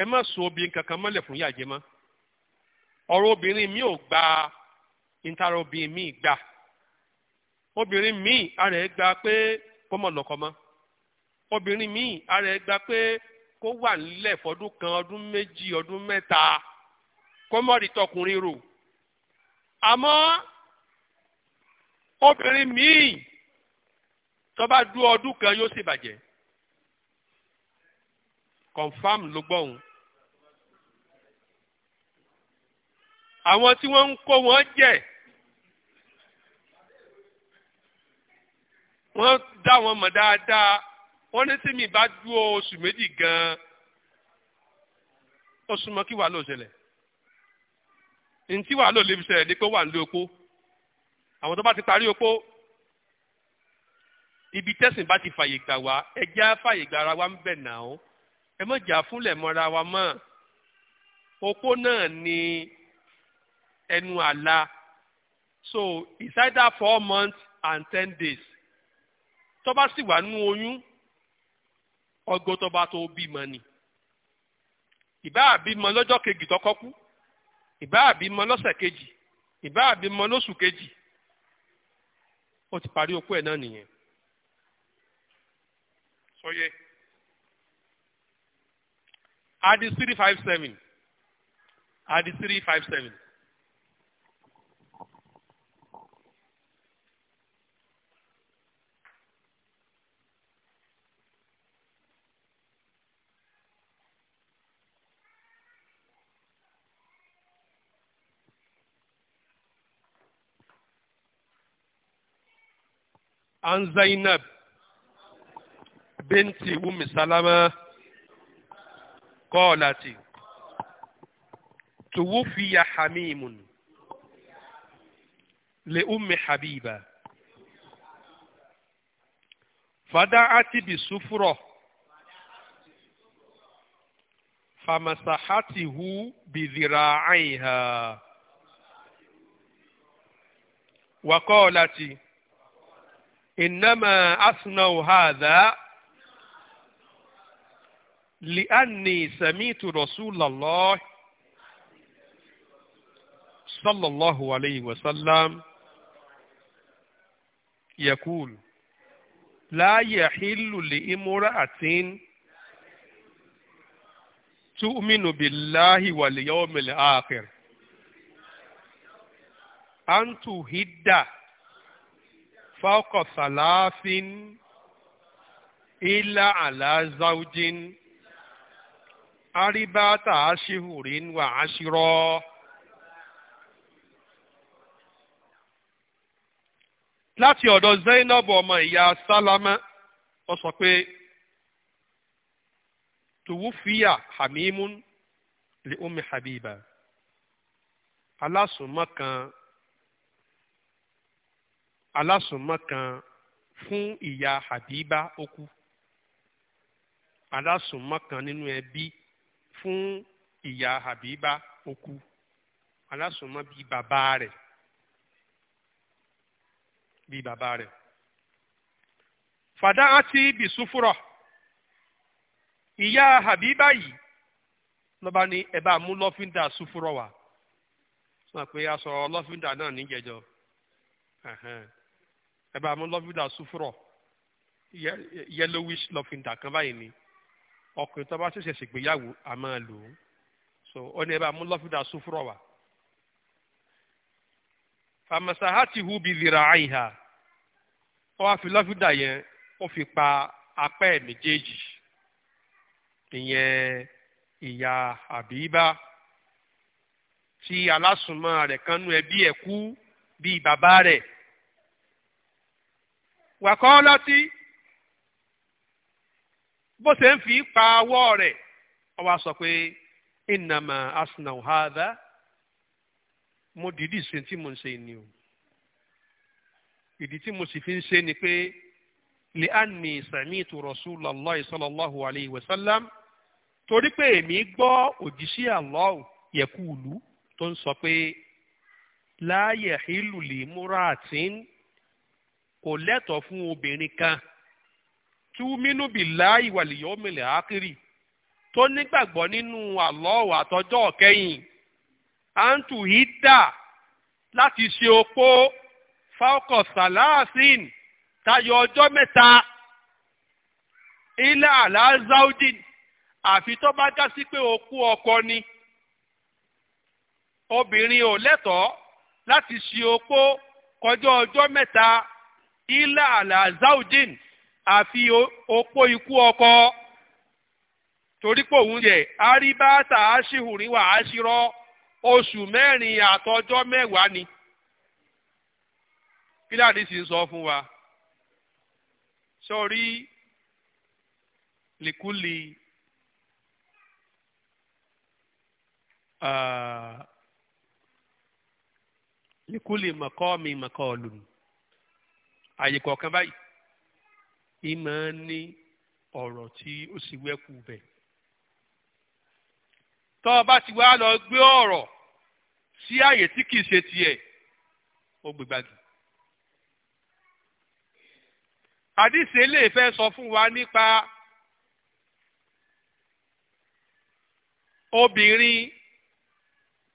ẹ má so obìnrin kankan mọ́lẹ̀ fún yàjẹ́ mọ́ ọ̀rọ̀ obìnrin mi ò gba ìtara obìnrin mi gbà obìnrin mi ara ẹ̀ gba pé kó mọ̀ lọ́kọ mọ́ obìnrin mi ara ẹ̀ gba pé kó wà nílẹ̀ fọdún kan ọdún méjì ọdún mẹ́ta kó mọ̀ rí tọkùnrin rò àmọ́ obìnrin mi tó bá dúró ọdún kan yóò sì bàjẹ́ confam ló gbọ́hùn àwọn tí wọ́n ń kó wọn jẹ wọ́n dá wọn mọ̀ dáadáa wọ́n ní tí mi bá dúró oṣù méjì gan-an ó súnmọ́ kí wàá lò ṣẹlẹ̀ ntí wàá lò lébi ṣẹlẹ̀ ni pé wà ń lé opó àwọn tó bá ti parí opó ibi tẹ́sìn bá ti fàyè gbà wá ẹjẹ́ fàyè gbà ara wa ń bẹ̀ náà ẹ mọ̀jà fúnlẹ̀ mọ́ra wa mọ́ opó náà ni ẹnu àlà so it's either four months and ten days tó bá sì wà nú oyún ọgbọ́n tó bá tó bímọ ni ìbá àbímọ lọ́jọ́ kejì tọkọ kú ìbá àbímọ lọ́sẹ̀ kejì ìbá àbímọ lóṣù kejì ó ti parí okú ẹ̀ náà nìyẹn sọyẹ adi three five seven adi three five seven. عن زينب بنت أم سلمة قالت توفي حميم لأم حبيبة فدعت بسفرة فمسحته بذراعيها وقالت إنما أثنوا هذا لأني سمعت رسول الله صلى الله عليه وسلم يقول لا يحل لامرأة تؤمن بالله واليوم الآخر أن تهدّ فوق salafin إلا على zawjin أربعة ashihurin وعشرة ashiro. láti ọ̀dọ̀ Zainab ọmọ ìyá Sálámà ó sọ pé tùwúfìyà hamimun li ummi Habiba alásùnmọ́ kan alásùnmọ́ kan fún ìyá Habiba ó alásùnmọ́ kan nínú ẹbí fún ìyá Habiba ó alásùnmọ́ bíi bàbá rẹ̀ bíi bàbá rẹ̀ fàdá àti bìsúfúrọ̀ ìyá Habiba yìí lọ́ba ní ẹ bá mú lọ́fíńdà súfúrọ̀ wá sọ pé lọ́fíńdà náà níjẹjọ. ẹ bá mú lọ́fíńdà sùfúrọ̀ yellowish lọ́fíńdà kan báyìí ni ọkùnrin tó bá ṣẹ̀ṣẹ̀ ṣègbéyàwó a máa lò ó so ó ní ẹ bá mú lọ́fíńdà sùfúrọ̀ wá. famasahatihu bi dhira'aiha ó wá fi lọ́fíńdà yẹn ó fi pa apá ẹ̀ méjèèjì ìyẹn ìyá àbíbá tí alásùnmọ́ rẹ̀ kan ẹbí ẹ̀ kú bíi bàbá rẹ̀ wàkọ́ lọ́tí bó ṣe ń fi pa ọwọ́ rẹ̀ ó wá sọ pé ìnàmà asnà òhádà mo dìídì ṣe tí mo ń ṣe ni o ìdí tí mo sì fi ń ṣe ni pé li'anni sami'tu rasulallah sallallahu alayhi wa sallam torí pé èmi gbọ́ òjíṣẹ́ Allah yẹ̀kú ìlú tó ń sọ pé la yahilu li muratin. kò lẹ́tọ̀ọ́ fún obìnrin kan tí wúmínú bì láì wàlìyọ́ mìlẹ̀ ákírì tó nígbàgbọ́ nínú àlọ́wọ̀ àtọ́jọ́ ọ̀kẹ́yìn àǹtù hídà láti ṣe opó fáwọkọ̀ sàláàsìn tayọ ọjọ́ mẹ́ta ilé àlàázáúdìn àfi tó bá dá sí pé okú ọkọ ni obìnrin ò lẹ́tọ̀ọ́ láti ṣe opó kọjá ọjọ́ mẹ́ta ilà àlàzáùdín àfi opó ikú ọkọ torí pé òun yẹ àríbáàtà aṣíhùnrin wà aṣírọ oṣù mẹ́rin àtọjọ́ mẹ́wàá ni kí láti sì ń sọ fún wa sọrí likuli likuli makọ́ mi makọ́ lùmí. àyè kọ̀ọ̀kan báyìí ìmọ̀ ní ọ̀rọ̀ tí ó sì wẹ́kù bẹ̀. tọ́ ọ bá ti wá lọ gbé ọ̀rọ̀ sí àyè tí kìí ṣe tiẹ̀ ó gbégbági. àdìsẹ́ lè fẹ́ sọ fún wa nípa obìnrin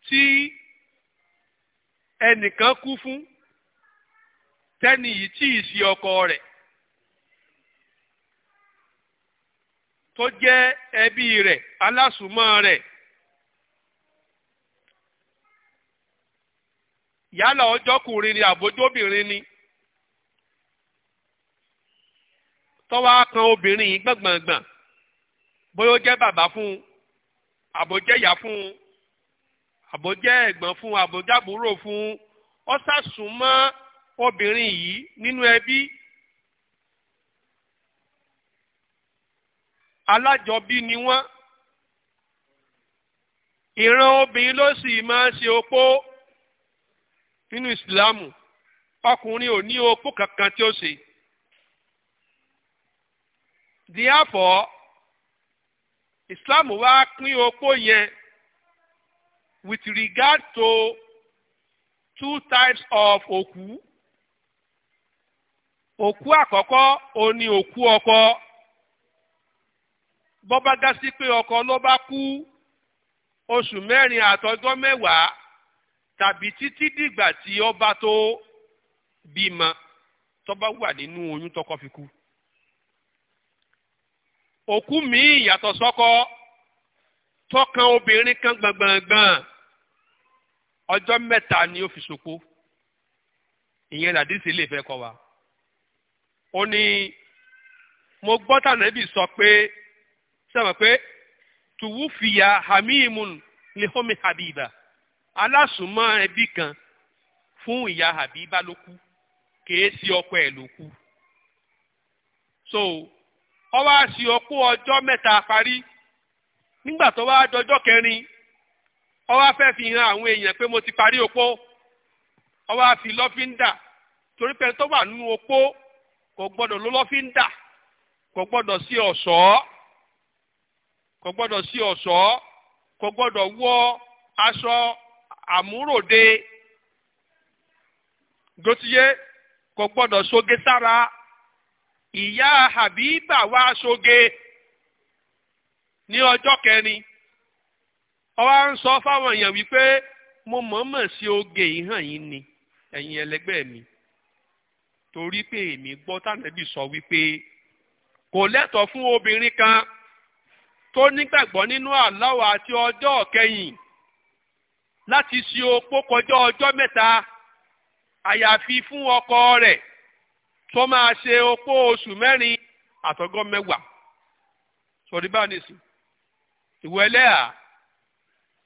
tí ẹnìkan kú fún tẹ́ni yìí tí ì sí ọkọ rẹ̀ tó jẹ́ ẹbí rẹ̀ alásùmọ́ rẹ̀ yálà ọjọ́kùnrin ni àbójóbìnrin ni tọ́wọ́ kan obìnrin yìí gbọ̀ngbọ̀ngbọ̀n bóyá ó jẹ́ bàbá fún un àbójẹ́ ìyá fún un àbójẹ́ ẹ̀gbọ́n fún un àbójábúrò fún un ó sàsùn mọ́ obìnrin yìí nínú ẹbí alájọbí ni wọ́n ìran obìnrin ló sì máa ṣe opó nínú ìsìlámù ọkùnrin ò ní opó kankan tí ó ṣe therefore Islam wá pín opó yẹn with regard to two types of òkú. òkú àkọ́kọ́ ó òkú ọkọ bọ́bá bá pé ọkọ ló bá kú oṣù mẹ́rin àtọjọ́ tàbí títí dìgbà tí ó bá tó bímọ tó bá wà nínú oyún tọkọ fi kú òkú míì yàtọ̀ sọ́kọ kan gbọ̀ngbọ̀ngbọ̀n ọjọ́ mẹ́ta ni ó fi ìyẹn lè ó ní mo gbọ́ tànẹ́bì sọ pé sẹ́wọ̀n pé tùwúfìyà hamimun lihomi habiba alásùnmọ́ ẹbí kan fún ìyá habiba ló kú kìí sí ọkọ ẹ̀ ló kú. so ó wá sí òkú ọjọ́ mẹ́ta parí nígbà tó wá dọjọ́ kẹrin ọ wá fẹ́ fi hàn àwọn èèyàn pé mo ti parí opó ọ wá fi lọ́fíńdà torí pé tó wà nínú opó kò gbọ́dọ̀ ló lọ́fíńdà kò gbọ́dọ̀ sí ọ̀ṣọ́ kò gbọ́dọ̀ sí ọ̀ṣọ́ kò gbọ́dọ̀ wọ aṣọ àmúròde gòtíyé kò gbọ́dọ̀ ṣoge sára ìyá Habiba wá ṣoge ní ọjọ́ kẹrin ọwọ́ ń sọ fáwọn èèyàn wípé mo mọ̀ọ́mọ̀ sí oge ìhàn yín ni ẹ̀yin ẹlẹgbẹ́ mi. torí pé èmi gbọ́ tànàbí sọ wípé kò lẹ́tọ̀ọ́ fún obìnrin kan tó nígbàgbọ́ nínú Allah àti ọjọ́ kẹyìn láti ṣe opó kọjá ọjọ́ mẹ́ta àyàfi fún ọkọ rẹ̀ tó máa ṣe opó oṣù mẹ́rin àtọgọ́ mẹ́wàá sọ̀rí bá ní sùn ìwọ ẹlẹ́à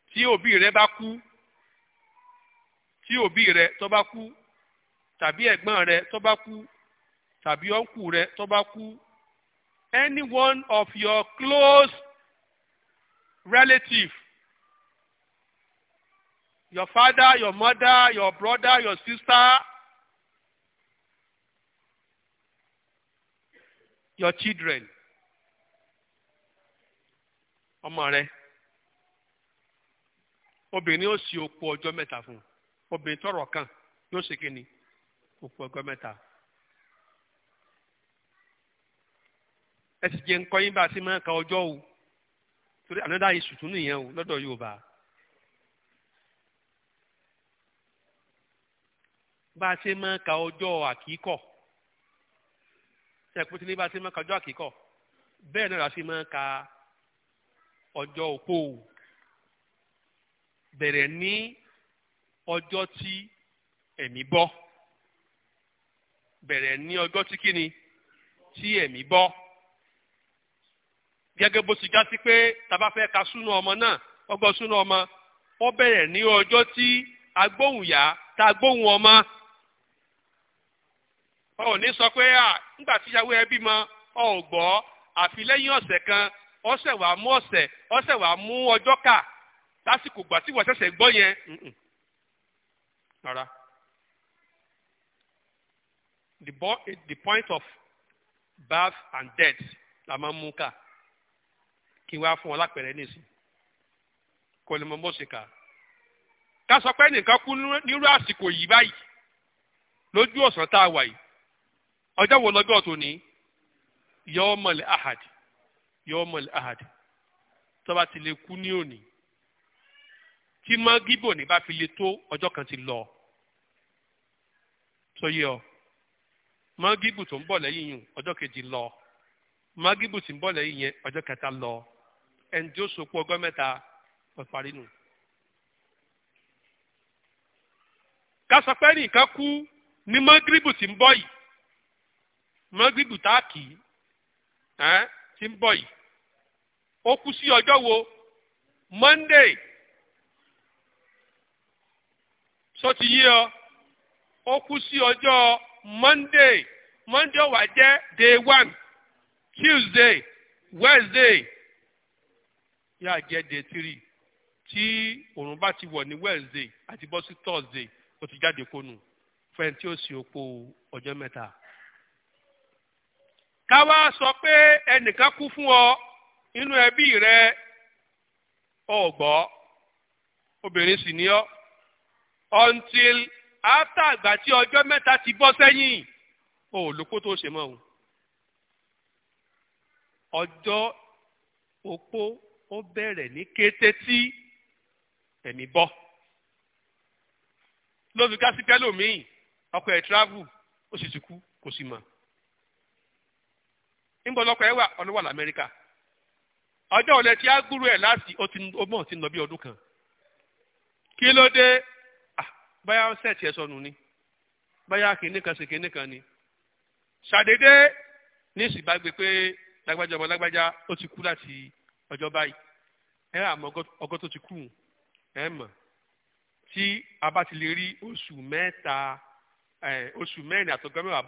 tí òbí rẹ bá kú tí òbí rẹ tó bá kú tàbí ẹ̀gbọ́n rẹ tó bá kú tàbí ọ̀nkù rẹ tó bá kú any one of your close relative your father your mother your brother your sister your children ọmọ rẹ obìnrin yóò sì opó ọjọ́ mẹ́ta fún obìnrin tọrọ kan yóò ṣe kí ni òpó ọgọ́ mẹ́ta. ẹ sì jẹ́ nǹkan yín bá a ti máa ka ọjọ́ o torí ànádà yìí sùtún nìyẹn o lọ́dọ̀ Yorùbá. bá a ṣe máa ka ọjọ́ àkíkọ̀ ṣe pété ní bá a ṣe máa ka ọjọ́ àkíkọ̀ bẹ́ẹ̀ náà la ṣe máa ka ọjọ́ òpó o bẹ̀rẹ̀ ní ọjọ́ tí ẹ̀mí bọ́. bẹ̀rẹ̀ ní ọjọ́ tí kíni tí ẹ̀mí bọ́ gẹ́gẹ́ bó ti já pé tàbá fẹ́ ka súnú ọmọ náà ọgbọ́n súnú ọmọ ọ bẹ̀rẹ̀ ní ọjọ́ tí agbóhùnyá tá agbóhùn ọmọ ọ ò ní sọ pé à nígbà tí ìyàwó ọ ò gbọ́ àfi lẹ́yìn ọ̀sẹ̀ kan ọ̀sẹ̀ wàá mú ọ̀sẹ̀ ọ̀sẹ̀ wàá mú ọjọ́ lásìkò gbà tí wọ́n ṣẹ̀ṣẹ̀ gbọ́ yẹn rárá. the, bo the point of birth and death la máa ń mú kà kí wá fún wọn lápẹẹrẹ nísìn kò ní mo mọ̀ sí kà ká sọ pé nìkan kú nírú àsìkò yìí báyìí lójú ọ̀sán tá a wà yìí ọjọ́ wo lọ́jọ́ tó ní yawmal ahad yawmal ahad tó bá ti lè kú ní òní tí mọ́gíbò ní bá fi lè tó ọjọ́ kan ti lọ sóyè Magibu tó ń bọ̀ lẹ́yìn yìí ọjọ́ kejì lọ mọ́gíbù tí ń bọ̀ lẹ́yìn yẹn ọjọ́ kẹta lọ ẹni tí ó sopọ̀ ọgọ́ mẹ́ta ọ̀parí nù. ká sọ kú ní mọ́gíbù tí ń bọ̀ yìí mọ́gíbù táàkì tí ń bọ̀ yìí ó kú sí ọjọ́ wo Monday sọ ti yí ọ ó kú sí ọjọ́ monday monday ó wá day one tuesday wednesday yóò jẹ́ day three tí òòrùn bá ti wọ̀ ní wednesday àti bọ́ sí thursday ó ti jáde kónú fẹ́ni tí ó sì opó ọjọ́ mẹ́ta. káwá sọ pé ẹnìkan kú fún ọ nínú ẹbí rẹ ọgbọ obìnrin sì ni ọ until áfítà àgbà tí ọjọ́ mẹ́ta ti bọ́ sẹ́yìn ò lóko tó ṣe mọ́ o ọjọ́ opó ó bẹ̀rẹ̀ ní kété tí ẹ̀mí bọ́ ló fi ká sí pẹ́lòmíì ọkọ̀ ẹ̀ travel ó sì ti kú kò sì mọ̀ níbo lọkọ̀ ẹ̀ wà ọlọ́wà lamẹ́ríkà ọjọ́ òlẹ̀ tí a gbúrú ẹ̀ láti ó ti lọ bí ọdún kan kí ló dé bóyá sẹ́ẹ̀tì ẹ̀ sọnù ni bóyá kìíní kan sí kìíní kan ni ṣàdédé ní ìsìn bá gbé pé lágbájá ọmọ ti kú láti ọjọ́ báyìí ẹ àmọ́ ọgọ́ tó ti kú ẹ mọ̀ tí a bá ti lè rí oṣù mẹ́ta oṣù mẹ́rin àtọ́gbọ́n mẹ́wàá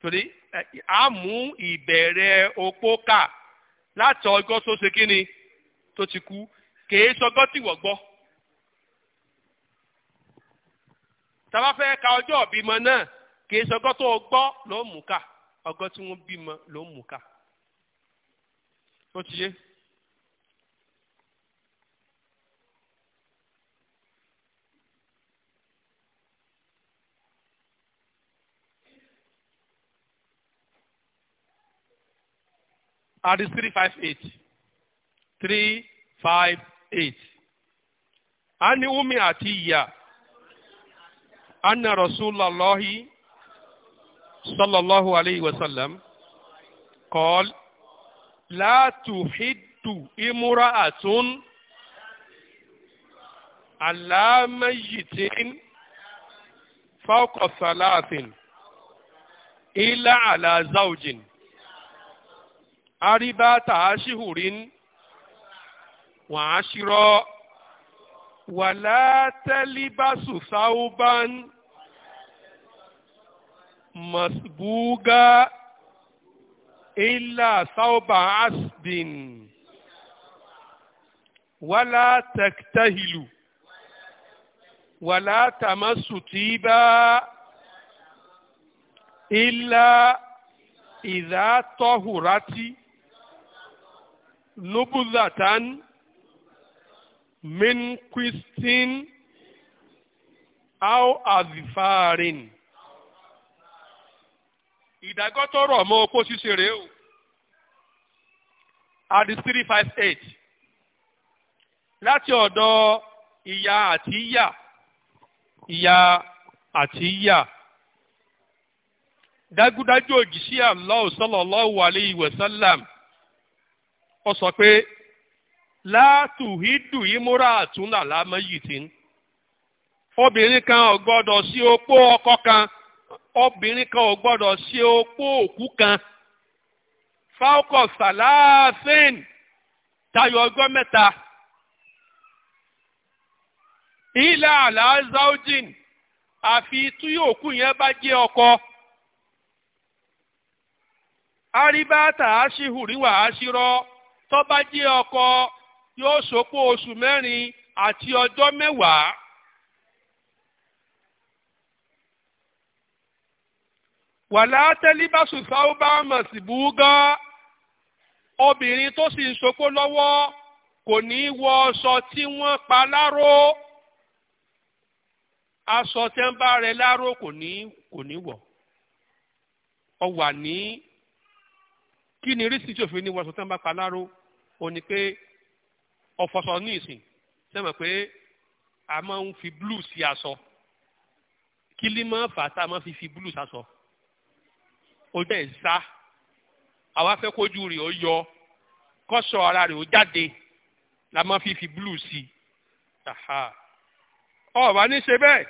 torí a mú ìbẹ̀rẹ̀ opó kà láti ọgọ́ tó ṣe kí ni tó ti kú kèé sọgọ́ tìwọ̀ gbọ́. tàbá fẹ́ ka ọjọ́ ìbímọ náà kìí sọgọ́ tó gbọ́ ló mú ká ọgọ́ tí wọ́n bímọ ló mú ká. ó ti yé. hadith three five eight three five eight. ani umi atiya anna rasulallahi sallallahu alayhi wa sallam qala la tuhiddu imra'atun ala mayyitin fawqa thalathin illa ala zawjin أريباتا شهور وعشرة ولا تلبس ثوبا مسبوقا إلا ثوب عسد ولا تكتهل ولا تمس تيبا إلا إذا طهرت nubuzatan min kwistin au azifarin ìdágọ́ tó rọ̀ mọ́ opó ṣíṣe rèé o adi three láti ọ̀dọ̀ ìyá àti ìyá ìyá àti ìyá dágúdájú òjìṣẹ́ Allah sallallahu alayhi wa sallam. Ọ sọ pé látùhídù ìmúra àtúnlà lámẹ́yìtín obìnrin kan ò gbọ́dọ̀ sí opó ọkọ kan obìnrin kan ò gbọ́dọ̀ sí opó òkú kan falcon salasin tayọ ọgbọ́n mẹ́ta ilẹ̀ alazaujin àfi tí òkú yẹn bá jẹ́ ọkọ aribata aṣihùrí wà aṣírọ́ tó bá jẹ́ ọkọ yóò ṣopó oṣù mẹ́rin àti ọjọ́ mẹ́wàá. wàlá tẹ́líbàṣù sáúbà mọ̀ sí búgá obìnrin tó sì ń ṣopó lọ́wọ́ kò ní í wọ aṣọ tí wọ́n pa láró aṣọ tẹ́ ń bá rẹ láró kò ní kò ní wọ̀ ọ wà ní kí ni rísì tí òfin ní wọ́n aṣọ tẹ́ ń bá pa láró ó ní pé ọ̀fọ̀sọ ní ìsìn sẹ́mọ̀ pé a máa ń fi blue sí aṣọ kí lè má fà tá a máa fi fi blue sásọ ó dẹ̀ sá àwa fẹ́ kójú rẹ̀ ó yọ kọ́sọ̀ ara rẹ̀ ó jáde la máa fi fi blue sí ọ̀bá ní ṣe bẹ́ẹ̀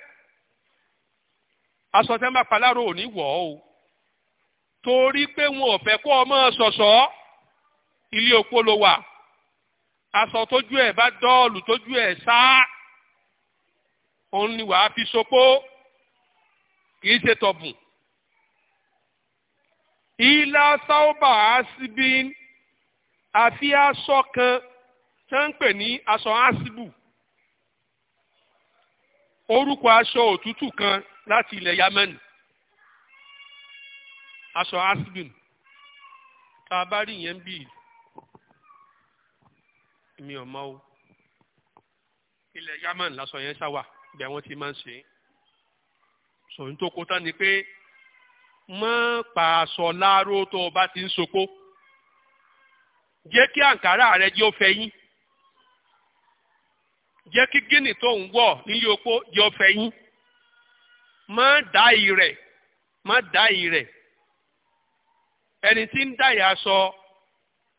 aṣọ tẹ́ ń bá paláró ò ní wọ̀ ọ́ o torí pé wọn ò fẹ́ kó o máa ṣọ̀ṣọ́. So -so ilé opó ló wà aṣọ tójú ẹ̀ bá dọ́ọ̀lù tójú ẹ̀ sáá òun ni wàá fi sopó kìí ṣe tọ̀bùn. ilá sáúbà asibin àfi aṣọ kan tí wọ́n ń pè ní aṣọ asibu orúkọ aṣọ òtútù kan láti ilẹ̀ yamani aṣọ asibin tá a bá rí ìyẹn bíi mi ò mọ̀ o ilẹ̀ Yemen lásọ yẹn ṣáwà bí àwọn ti máa ń ṣe sòyìn tó kó tán ni pé mọ́ pàṣọ láàárọ̀ tó o bá ti ń sopó jẹ́ kí àǹkárá rẹ jẹ́ ó yín jẹ́ kí gíní tó ń wọ̀ nílé opó jẹ́ ó yín má dá ìrẹ̀ má dá ìrẹ̀ ẹni tí ń dáyà sọ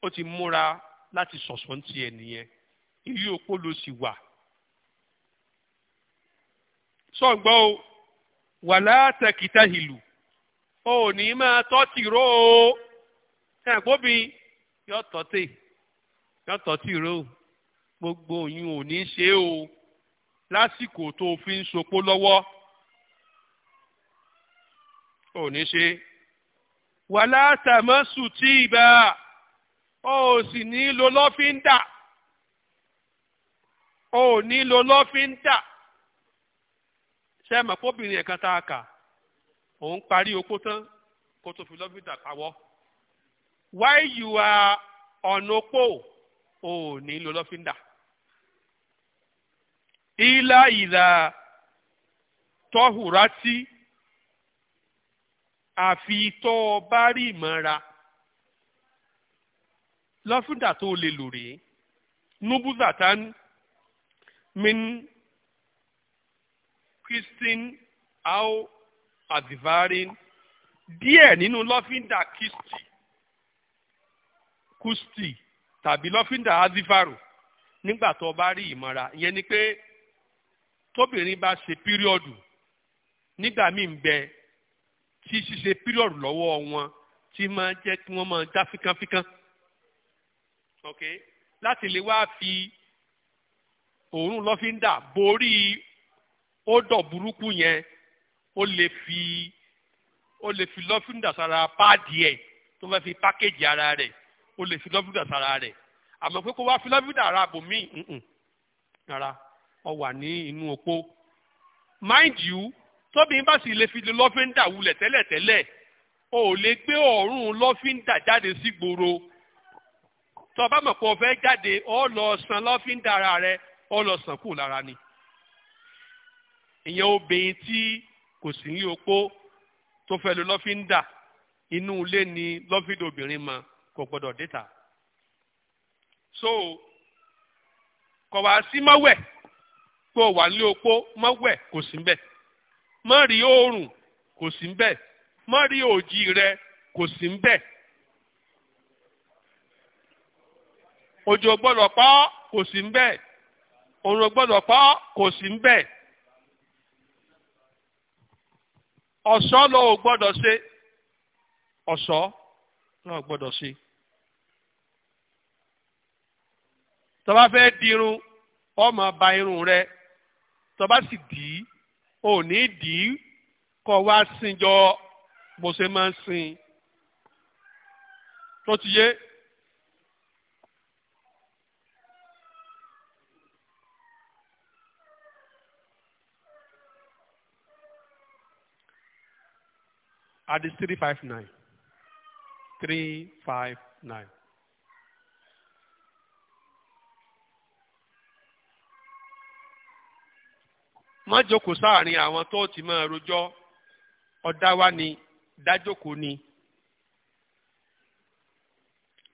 ó ti múra láti sọ̀sán ti ẹ̀ nìyẹn ilé opó ló sì wà. sọ̀gbọ́n o wà látẹ̀kítà ìlú o ò ní máa tọ́ tìró o ẹ̀gbọ́bi yọ tọ́ tè yọ tọ́ tìró gbogbo òyìn ò ní ṣe o lásìkò tó o fi ń sopó lọ́wọ́ ò ní ṣe wà látàmọ́sù tí ì bá a. o si ni ní lo o ni ní lo lọ́fíńdà ṣe é mọ̀ kóbìnrin ẹ̀ka tá a kà òun parí okó tán kó tó fi lọ́fíńdà pawọ́ while you are on o ni ní lo lọ́fíńdà ilá ìlà tọ́hùrátì àfi tó o bá rí ìmọ̀ra. lọ́fíńdà tó lè lò rèé nubuzatan min kristin au azivarin díẹ̀ nínú lọ́fíńdà kristi Kristi, tàbí lọ́fíńdà azivaru nígbà tó o bá rí ìmọ̀ra ìyẹn ni pé tóbìnrin bá ṣe píríọ̀dù nígbà míì ń bẹ tí ṣíṣe píríọ̀dù lọ́wọ́ wọn tí máa jẹ́ kí wọ́n máa já fíkánfíkán ok láti lè wá fi òórùn lọ́fíńdà borí ódọ̀ burúkú yẹn ó lè fi ó lè fi lọ́fíńdà sára páàdì ẹ̀ tó fẹ́ fi pákéjì ara rẹ̀ ó lè fi lọ́fíńdà sára rẹ̀ àmọ́ pé kó wá fi lọ́fíńdà ara bò mí rárá ó wà ní inú opó mind you tóbìnrin bá sì lè fi lọ́fíńdà wulẹ̀ tẹ́lẹ̀tẹ́lẹ̀ o ò lè gbé òórùn lọ́fíńdà jáde sí gbòòrò. Si tó o bá mọ̀ pé o jáde o lọ san lọ́fíńdà ara rẹ ọ lọ sàn kù lára ni. ìyẹn obìnrin tí kò sí ní opó tó fẹ́ lo lọ́fíńdà inú ilé ni lọ́fíńdà obìnrin mọ kò gbọ́dọ̀ déta. so kò wá sí mọ́wẹ̀ pé o wà ní opó mọ́wẹ̀ kò sí mbẹ̀ mọ́ rí oòrùn kò sí mbẹ̀ mọ́ rí òjì rẹ kò sí mbẹ̀ Ojú òjò gbọ́dọ̀ pọ̀ kò sí ń bẹ̀ òrùn gbọ́dọ̀ pọ̀ kò sí ń bẹ̀ ọ̀ṣọ́ lọ ò gbọ́dọ̀ ṣe ọ̀ṣọ́ lọ ò gbọ́dọ̀ ṣe. tó bá fẹ́ dirun ó máa ba irun rẹ tó sì dì í ò ní dì í kó wá sinjọ bó ṣe máa ń sin tó ti yé. hadith three five nine three five nine. má jókòó sáàrin àwọn tó ti máa rojọ́ ọ̀dá wa ni dájókòó ni.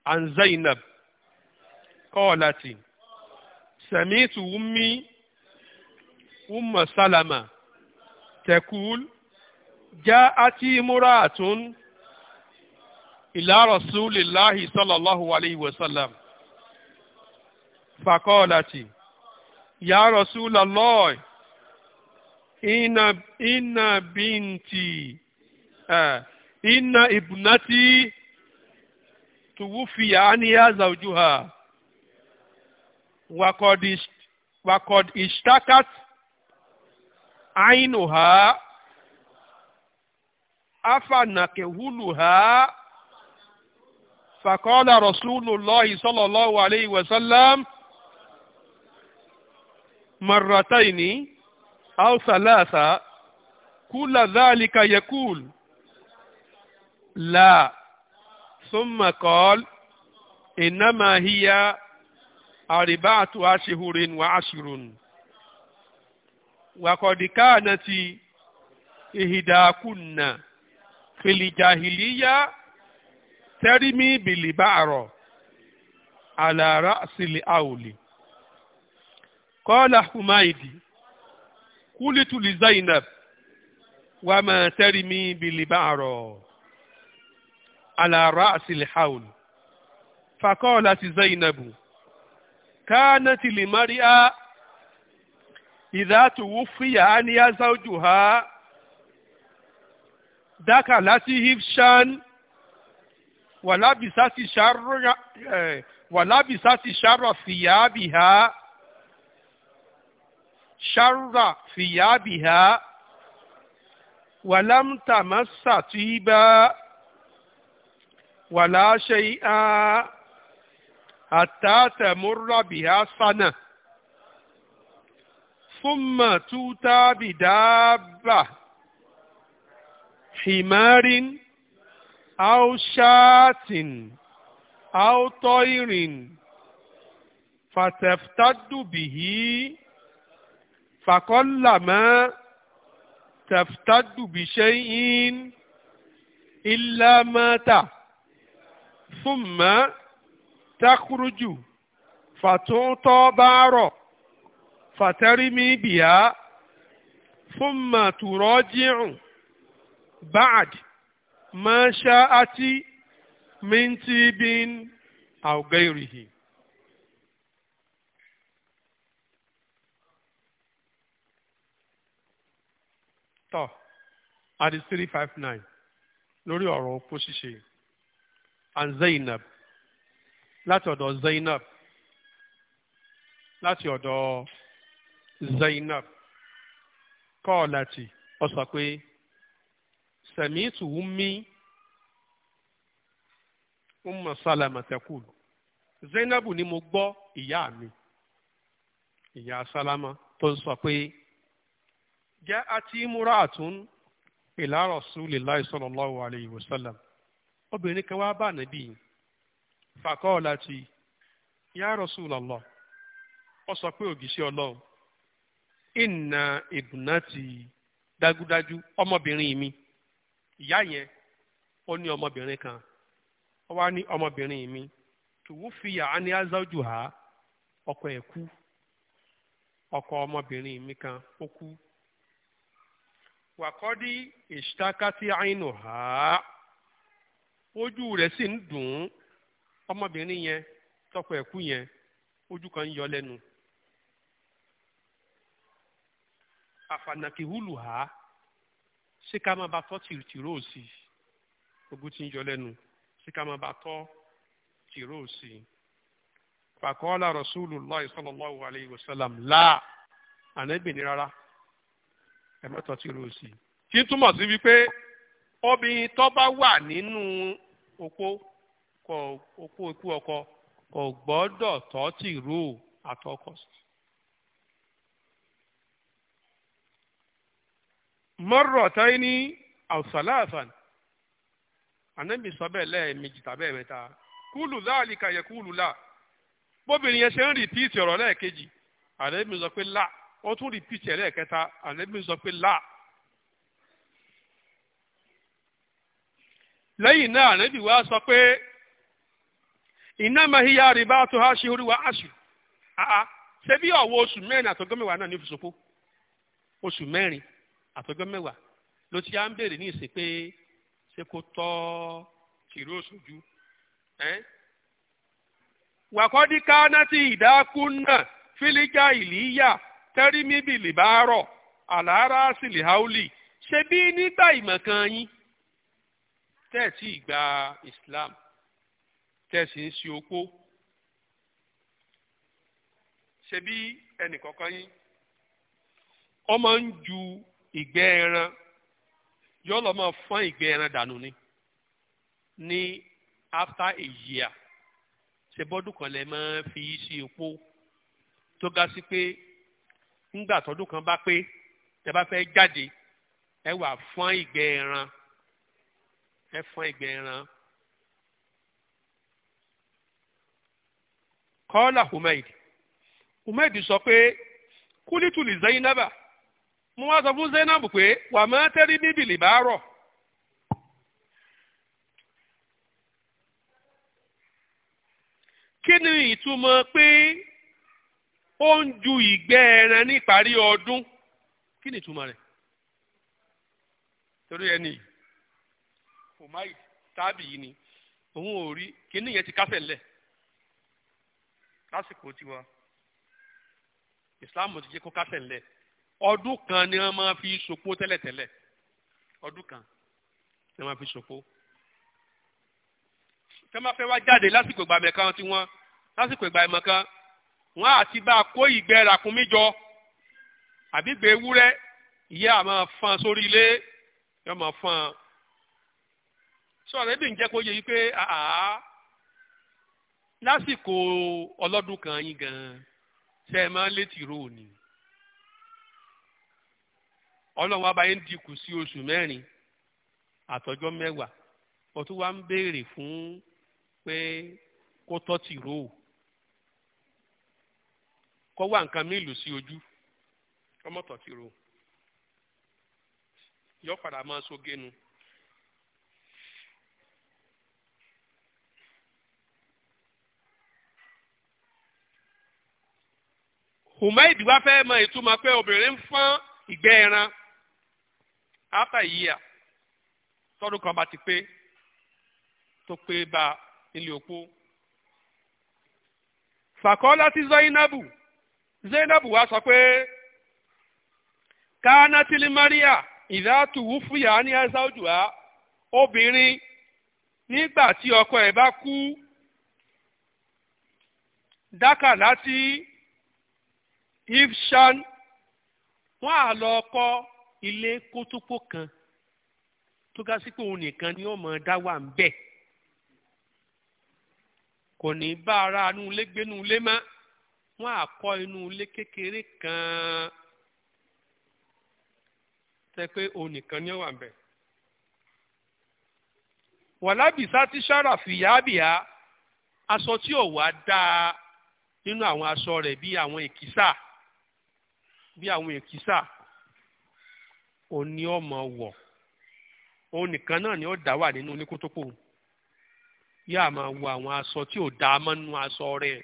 عن زينب قالت سمعت أمي أم سلمة já àti múratún ila rasulillahi sallallahu alayhi wa sallam faqalati ya rasulallah inna inna binti uh, inna ibnati tuwufiya aniya zawjuha وقد اشتكت عينها أفنكهلها فقال رسول الله صلى الله عليه وسلم مرتين أو ثلاثة كل ذلك يقول لا ثم قال إنما هي أربعة أشهر وعشر وقد كانت إهداكن filijahiliya tẹ́rímì bìlìbàrọ̀ àlàrà sílẹ̀ àwòlì. kọ́lá humaidi kúlítù lè zainab wà máa tẹ́rímì bìlìbàrọ̀ àlàrà sílẹ̀ àwòlì. fakọ́lá ti zainabu kánà tìlìmáríà ìdá tòwó fìyà á ha. dákàlátì hifshan wàlábìsá ti ṣàrọ̀ wàlábìsá ti ṣàrọ̀ fìyàbìhá ṣàrọ̀ fìyàbìhá wàlámtàmásà tìbá wàláṣẹ́ ìhá àtàtàmúrọ̀ bìhá sánà. ثم توتى بدابة حمار أو شاة أو طير فتفتد به فقلما تفتد بشيء إلا مات ثم تخرج فتعطى بعرا فترمي بها ثم تراجع بعد ما شاءت من تيب أو غيره tọ́ five nine lórí ọ̀rọ̀ okwu ṣíṣe and Zainab láti ọ̀dọ̀ Zainab láti ọ̀dọ̀ Zainab kọ́ọ̀láti ó sọ سمعت أمي أم سلمة تقول Zainabu ni mo gbọ́ ìyá mi ìyá Salama tó ń sọ pé jẹ́ àti muratun ila obìnrin kan wá bá nàbí faqalati ya Rasulallah ó sọ pé ògìṣẹ́ ọlọ́run inna ibnati dájúdájú ọmọbìnrin mi. ìyá yẹn ó ní ọmọbìnrin kan ó wá ní ọmọbìnrin mi tòwú fìyà á ní azájú ha ọkọ ẹ̀ kú ọkọ ọmọbìnrin mi kan ó kú wàkọ́dí ìṣtákátí àìnù ha ojú rẹ̀ sì ń dùn ún ọmọbìnrin yẹn tọkọ ẹ̀ kú yẹn ojú kan ń yọ lẹ́nu àfànàkì hùlù ha. ṣé ká máa bá tọ́ tìró sí i ogun ti ń yọ lẹ́nu ṣé ká máa bá tọ́ tìró sí i. fàkọ́ọ́lá rasulullah sallallahu alayhi wa sallam láà ànábì ní rárá ẹ má tọ́ tìró sí i. tí túmọ̀ sí wípé obìnrin tó bá wà nínú opó kọ opó ikú ọkọ kò gbọ́dọ̀ tọ́ tìró àtọkọ sí i. marrataini aw salasan ànábì sọ bẹ́ẹ̀ lẹ́ẹ̀mejì tàbí ẹ̀mẹ́ta kúlù láàlìkà yẹ kúlù là bóbìnrin yẹn ṣe ń rìpíìtì ọ̀rọ̀ lẹ́ẹ̀kejì ànábì sọ pé là ó tún rìpíìtì ẹ̀ lẹ́ẹ̀kẹta ànábì sọ pé là. lẹ́yìn náà ànábì wa sọ pé iná mahiya rìbá tó há ṣe orí wa àṣù àá ṣe bí ọ̀wọ́ oṣù mẹ́rin àtọ́gọ́mẹ̀wá náà ní fi oṣù mẹ́rin àtọjọ́ mẹ́wàá ló ti á ń béèrè ní ìsìn pé ṣé kò tọ́ tìrú òṣojú wàkọ́dí káánátì ìdákúnná fílíjà ìlíyà tẹ́rímíbì lìbárọ̀ àlàárá sílì haúlì ṣe bí nígbà ìmọ̀kan yín tẹ́ẹ̀tì ìgbà Islam tẹ́ẹ̀sì ń ṣe opó ṣe bí ẹnìkọ̀ọ̀kan yín ọmọ ń ju ìgbẹ́ ẹran yóò lọ máa fọ́n ìgbẹ́ ẹran dànù ni ní after a year ṣe bọ́dún kan lẹ máa fi í sí opó tó ga sí pé ńgbà tọdún kan bá pé tẹ bá fẹ́ jáde ẹ wá fọ́n ìgbẹ́ ẹran ẹ fọ́n ìgbẹ́ ẹran. kọ́lá Humaid Humaid sọ pé kúlítùlì Zainaba mo wá sọ fún Zainab pé wà má tẹ́rí níbi lìbárọ̀ kí ni ìtumọ̀ pé ó ń ju ìgbẹ́ ẹran níparí ọdún kí ni ìtumọ̀ rẹ̀ torí ẹni kò má tábì yìí ni òun ò rí kíní yẹn ti kásẹ̀ lẹ̀ lásìkò tiwa Islam ti jẹ́ kó kásẹ̀ lẹ̀ ọdún kan ni wọ́n máa fi ṣòpó tẹ́lẹ̀tẹ́lẹ̀ ọdún kan ni wọ́n máa fi ṣòpó. tẹ́ máa fẹ́ wá jáde lásìkò ìgbà mẹ́kan tí wọ́n lásìkò ìgbà ìmọ̀kan wọ́n àti bá a kó ìgbẹ́ ràkúnmí jọ àbí gbé ewúrẹ́ ìyá àmọ́ fan sórí ilé yọ máa fan sọ̀rọ̀ ebi ń jẹ́ kó yẹ yí pé àá lásìkò ọlọ́dún kan yín gan ṣe é máa létí rò ní ọlọ́run wa báyìí ń dínkù sí oṣù mẹ́rin àtọjọ́ mẹ́wàá ó tún wá ń béèrè fún pé kó tọ́ ti rò ó kó wá nǹkan mílù sí ojú ọmọ ti rò yọ padà máa soge nu. Humaid wá fẹ́ mọ ìtumọ̀ pé obìnrin ń fọ́n ìgbẹ́ ẹran after a year tọ́dún kan bá ti pé tó pé bá ilé òpó. fàkọ́lá sí zainabu zainabu sọ pé maria ìdátùwú fúyà ní aṣáájú wa obìnrin nígbà tí ọkọ ẹ̀ bá kú dákà láti ifshan wọn à lọ kọ́ ilé kótópó kan tó ga sí pé òun nìkan ni ó mọ̀ dá wà ń bẹ̀ kò ní bá ara inú ilé gbénú ilé mọ́ wọ́n á kọ́ inú ilé kékeré kan tẹ́ pé òun nìkan ni ó wà ń bẹ̀ wàlábìsá tí sára fìyàbìyà aṣọ tí ò wá dáa nínú àwọn aṣọ rẹ̀ bí àwọn èkìsà bí àwọn èkìsà òun ni ọmọ wọ̀ òun nìkan náà ni ó dá wà nínú ilé kótópò yá máa wọ àwọn aṣọ tí ò dá mọ́ nínú aṣọ rẹ̀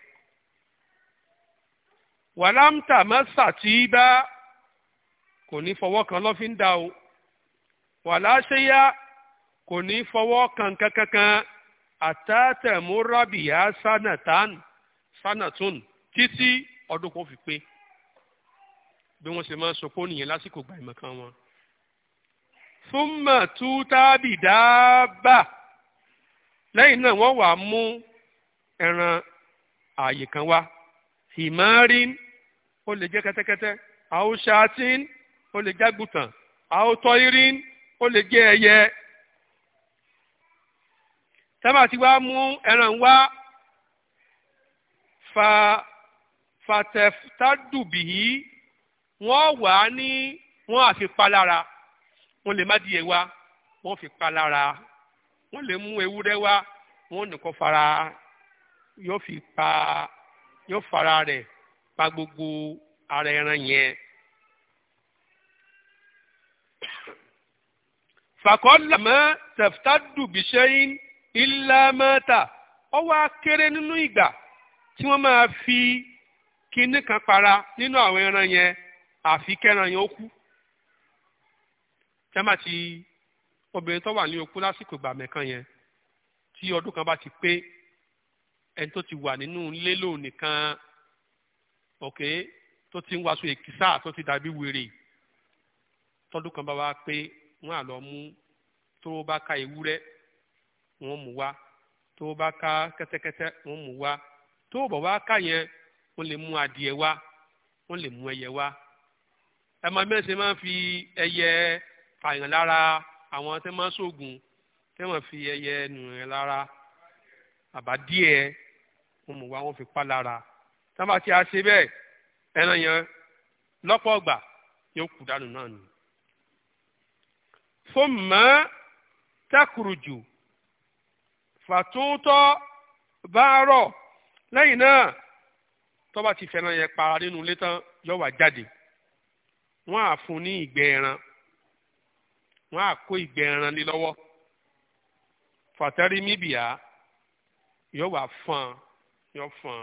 wàlámtà mẹ́sà tí bá kò ní fọwọ́ kan lọ́fíńdà o wàláṣẹ́yà kò ní fọwọ́ kan kankankan àtàtẹ̀múrábìyà sanatan sanatun títí ọdún kan fi pé bí wọ́n ṣe máa ń sọ pé nìyẹn lásìkò gbàìmọ̀ kan wọn súnmọ̀ tú tábì dáàbà lẹ́yìn náà wọ́n wà mú ẹran ààyè kan wá hìmọ́rín ó lè jẹ́ kẹ́tẹ́kẹ́tẹ́ àóṣátín ó lè jágùtàn àótọ́ irin ó lè jẹ́ ẹyẹ tẹ́bà tí wàá mú ẹran wá fa fatẹ́fútádùbì yìí wọ́n wà á ní wọ́n àfi palára wọ́n lè má díẹ̀ wá wọ́n fi pa lára wọ́n lè mú ewúrẹ́ wá wọ́n nìkan fara yóò fi pa yóò fara rẹ̀ pa gbogbo ara ẹran yẹn. fàkọ́lá mọ́ tẹ̀fítàdù bìṣẹ́yìn ilá mẹ́ta ó wá kéré nínú ìgbà tí wọ́n máa fi kinní kan para nínú àwọn ẹran yẹn àfi kẹ́ran yẹn ó kú tẹ́mà tí obìnrin tó wà ní okú lásìkò ìgbà mẹ́kan yẹn tí ọdún kan bá ti pé ẹni tó ti wà nínú ilé lòun nìkan òkè tó ti ń waṣọ èkìsà tó ti dàbí wèrè tọdún kan bá wá pé wọn à lọ mú tó bá ka ewúrẹ́ wọn mú wá tó bá ka kẹ́tẹ́kẹ́tẹ́ wọn mú wá tó bọ̀ wá ká yẹn wọn lè mú adìẹ wá wọn lè mú ẹyẹ wá ẹ máa mẹ́sẹ̀ máa fi ẹyẹ. E pààyàn lára àwọn tẹ́ máa ń ṣoògùn tẹ́ wọ́n fi ẹyẹ nù yẹn lára àbádíẹ̀ wọn mọ̀ wá wọn fi pa lára sábà tí a ṣe bẹ́ẹ̀ ẹran yẹn lọ́pọ̀ ọgbà yóò kú dànù náà nù. fún mọ́ takurujú fàtúntọ́ bá rọ̀ náà tọ́ba ti fẹ́ràn yẹn para nínú ilé tán yóò wá jáde wọ́n á ní ìgbẹ́ ẹran wọ́n á kó ìgbẹ́ ẹran lé lọ́wọ́ fàtẹ́rì míbìá yóò wá fọ́n yóò fọ́n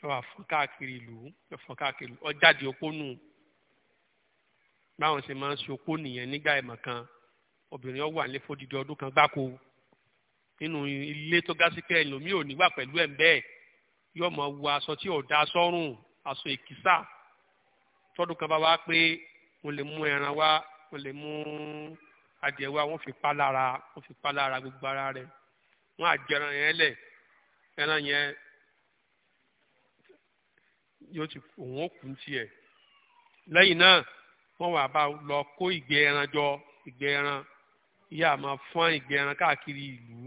yóò wá fọ́n káàkiri ìlú yóò fọ́n káàkiri ìlú ọjáde okónù báwọn ṣe máa ń ṣe okó nìyẹn nígbà ìmọ̀ kan obìnrin ọwọ́ àlẹ́ fódìdí ọdún kan gbáko nínú ilé tó gá sí pé ẹlòmíì ò ní wà pẹ̀lú ẹ̀ ń bẹ́ẹ̀ yóò mọ̀ wọ aṣọ tí ò da sọ́rùn aṣọ èkìsà tọ́dún kan bá wá pé wọ́n lè mú ẹran wá wọ́n lè mú adìẹ wá wọ́n fi pa lára wọ́n fi pa lára gbogbo ara rẹ̀ wọ́n á jẹran yẹn lẹ̀ ẹran yẹn yóò ti òun ó kú tiẹ̀ lẹ́yìn náà wọ́n wà bá lọ kó ìgbẹ́ ẹran jọ ìgbẹ́ ẹran ìyá máa fọ́n ìgbẹ́ ẹran káàkiri ìlú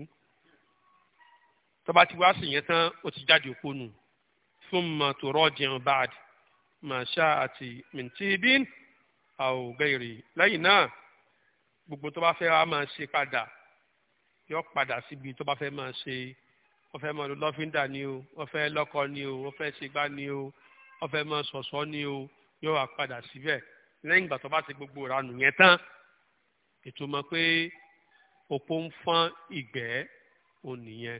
tọ́ba ti wá sí yẹn tán ó ti jáde òkú nù fún mọ̀tò rọ́ọ̀jì ẹran báàdì màṣá àti mìtìbín àwògẹ́rì lẹ́yìn náà gbogbo tó bá fẹ́ wá máa ṣe padà yọ padà síbi tó bá fẹ́ máa ṣe wọ́n fẹ́ máa lo lọ́fíńdà ni o wọ́n fẹ́ lọ́kọ ni o wọ́n fẹ́ ṣègbà ni o wọ́n fẹ́ máa ṣọ̀ṣọ́ ni o yọ wá padà síbẹ̀ lẹ́yìn ìgbà tó bá ti gbogbo ìranù yẹn tán ètò mọ̀ pé òpó ń fọ́n ìgbẹ́ òun nìyẹn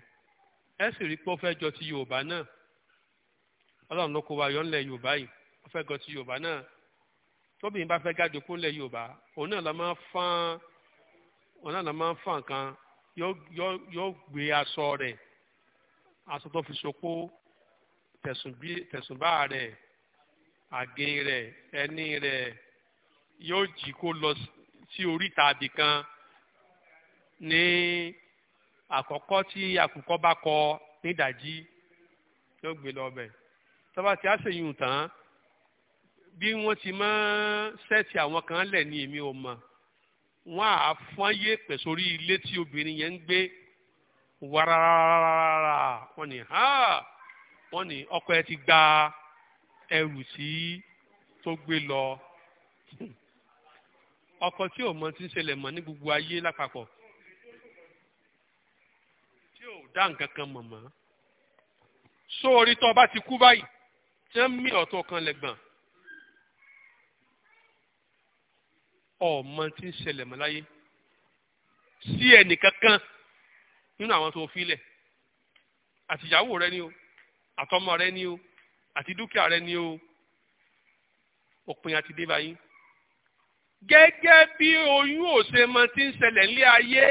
ẹ sì rí pé ó fẹ́ jọ ti Yorùbá náà Ọlọ́run ló kó wa yọ ńlẹ̀ Yorùbá yìí ó fẹ́ gọ sí yorùbá náà tóbìnrin bá fẹ́ jáde kúnlẹ̀ yorùbá òun náà la máa fán òun náà la máa fán kan yóò gbé aṣọ rẹ̀ aṣọ tó fi ṣopó tẹ̀sùnbá rẹ̀ àgé rẹ̀ ẹní rẹ̀ yóò jí kó lọ sí oríta àbí kan ní àkọ́kọ́ tí àkùkọ bá kọ nídàjí yóò gbé lọ bẹ̀ tọ́ba tí a ṣèyún tán bí wọ́n ti máa sẹ́ẹ̀tì àwọn kan lẹ̀ ní èmi ò mọ̀ wọ́n á fọ́n yé pẹ̀ sórí ilé tí obìnrin yẹn ń gbé wàràràràrà wọ́n ní ha wọ́n ní ọkọ ẹ ti gba ẹrù sí tó gbé lọ ọkọ tí ò mọ̀ ti ń ṣẹlẹ̀ mọ́ ní gbogbo ayé lápapọ̀ tí ò dá nǹkan kan mọ̀ mọ́ sóòrí tó o bá ti kú báyìí tí wọ́n mí ọ̀tọ̀ kan lẹ́gbọ̀n. ọmọ tí ń ṣẹlẹ̀ mọ́ láyé sí ẹnìkankan nínú àwọn tó fi lẹ̀ àtìyàwó rẹ ni o àtọmọ rẹ ni o àti dúkìá rẹ ni o òpin àti dé báyìí gẹ́gẹ́ bí oyún òṣè mọ tí ń ṣẹlẹ̀ nílé ayé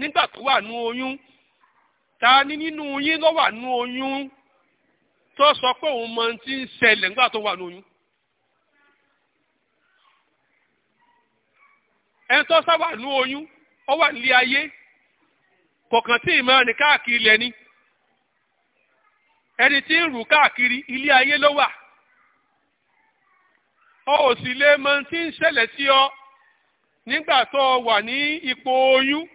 nígbà tó wà nú oyún ta ni nínú yín ló wà nú oyún tó sọ pé òun mọ tí ń ṣẹlẹ̀ nígbà tó wà nú oyún. ẹni tó sáwà nú oyún ó wà nílé ayé kọ̀ọ̀kan tí ìmọ̀ ní káàkiri lẹ́ni ẹni tí ń rù káàkiri ilé ayé ló wà ọ ò sì lè mọ tí ń ṣẹlẹ̀ sí ọ nígbà tó o wà ní ipò oyún.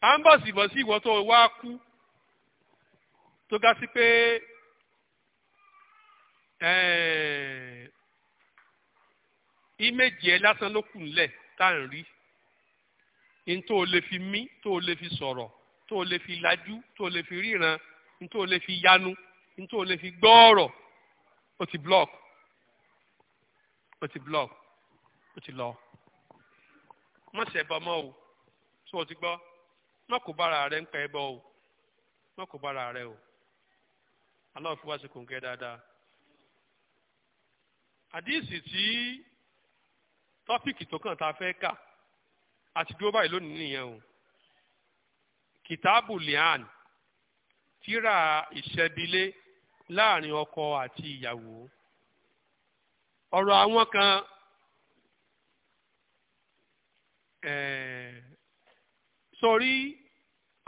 à ń bọ̀ síbọ̀ sí ìwọ tó wá kú tó ga sí pé íméjì ẹ lásán ló kù ńlẹ̀ tá à ń rí n tó o lè fi mí tó o lè fi sọ̀rọ̀ tó o lè fi lajú tó o lè fi ríran n tó o lè fi yanu n tó o lè fi gbọ́ ọ̀rọ̀ ti block ó ti block ó ti lọ má ṣe ẹbọ mọ́ o tó o ti gbọ́ má kó bára rẹ ń pa ẹbọ o má kó bára rẹ o aláwọ̀ fi wá sí kòǹgẹ́ dáadáa àdíìsì tí tọ́pìkì tó kàn tá a fẹ́ kà àti dúró báyìí lónìí nìyẹn o kìtáàbù lian tírà ìṣẹ́bilé láàrin ọkọ àti ìyàwó ọ̀rọ̀ àwọn kan eh, sọrí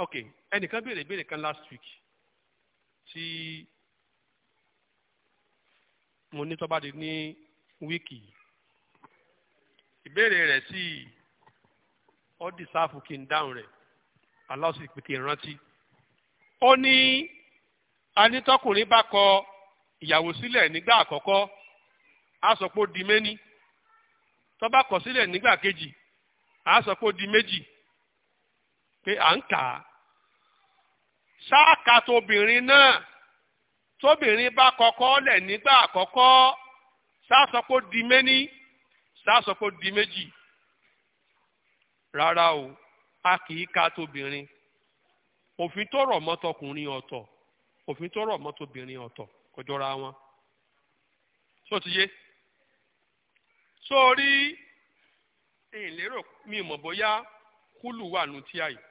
ok ẹnìkan béèrè béèrè kan last week tí mo ní tó di ní wíìkì yìí ìbéèrè rẹ sí ó dìsáàfù kí n dáhùn rẹ̀ aláwọ̀sì pètè rántí. ó ní anítọ́kùnrin bá kọ ìyàwó sílẹ̀ nígbà àkọ́kọ́ á di méní Tọ́ba bá kọ sílẹ̀ nígbà kejì á di méjì pé à ń kà á. sáàkà tóbìnrin náà tóbìnrin bá kọ́kọ́ lẹ̀ nígbà àkọ́kọ́ sá di méní. sáàsọ pé ó di méjì rárá o a kì í ka tóbìnrin òfin tó rọ̀ mọ́ tọkùnrin ọ̀tọ̀ òfin tó rọ̀ mọ́ tóbìnrin ọ̀tọ̀ kò jọra wọn tó ti yé sórí ìlérò mi mọ̀ bóyá kúlù wà nù tíà yìí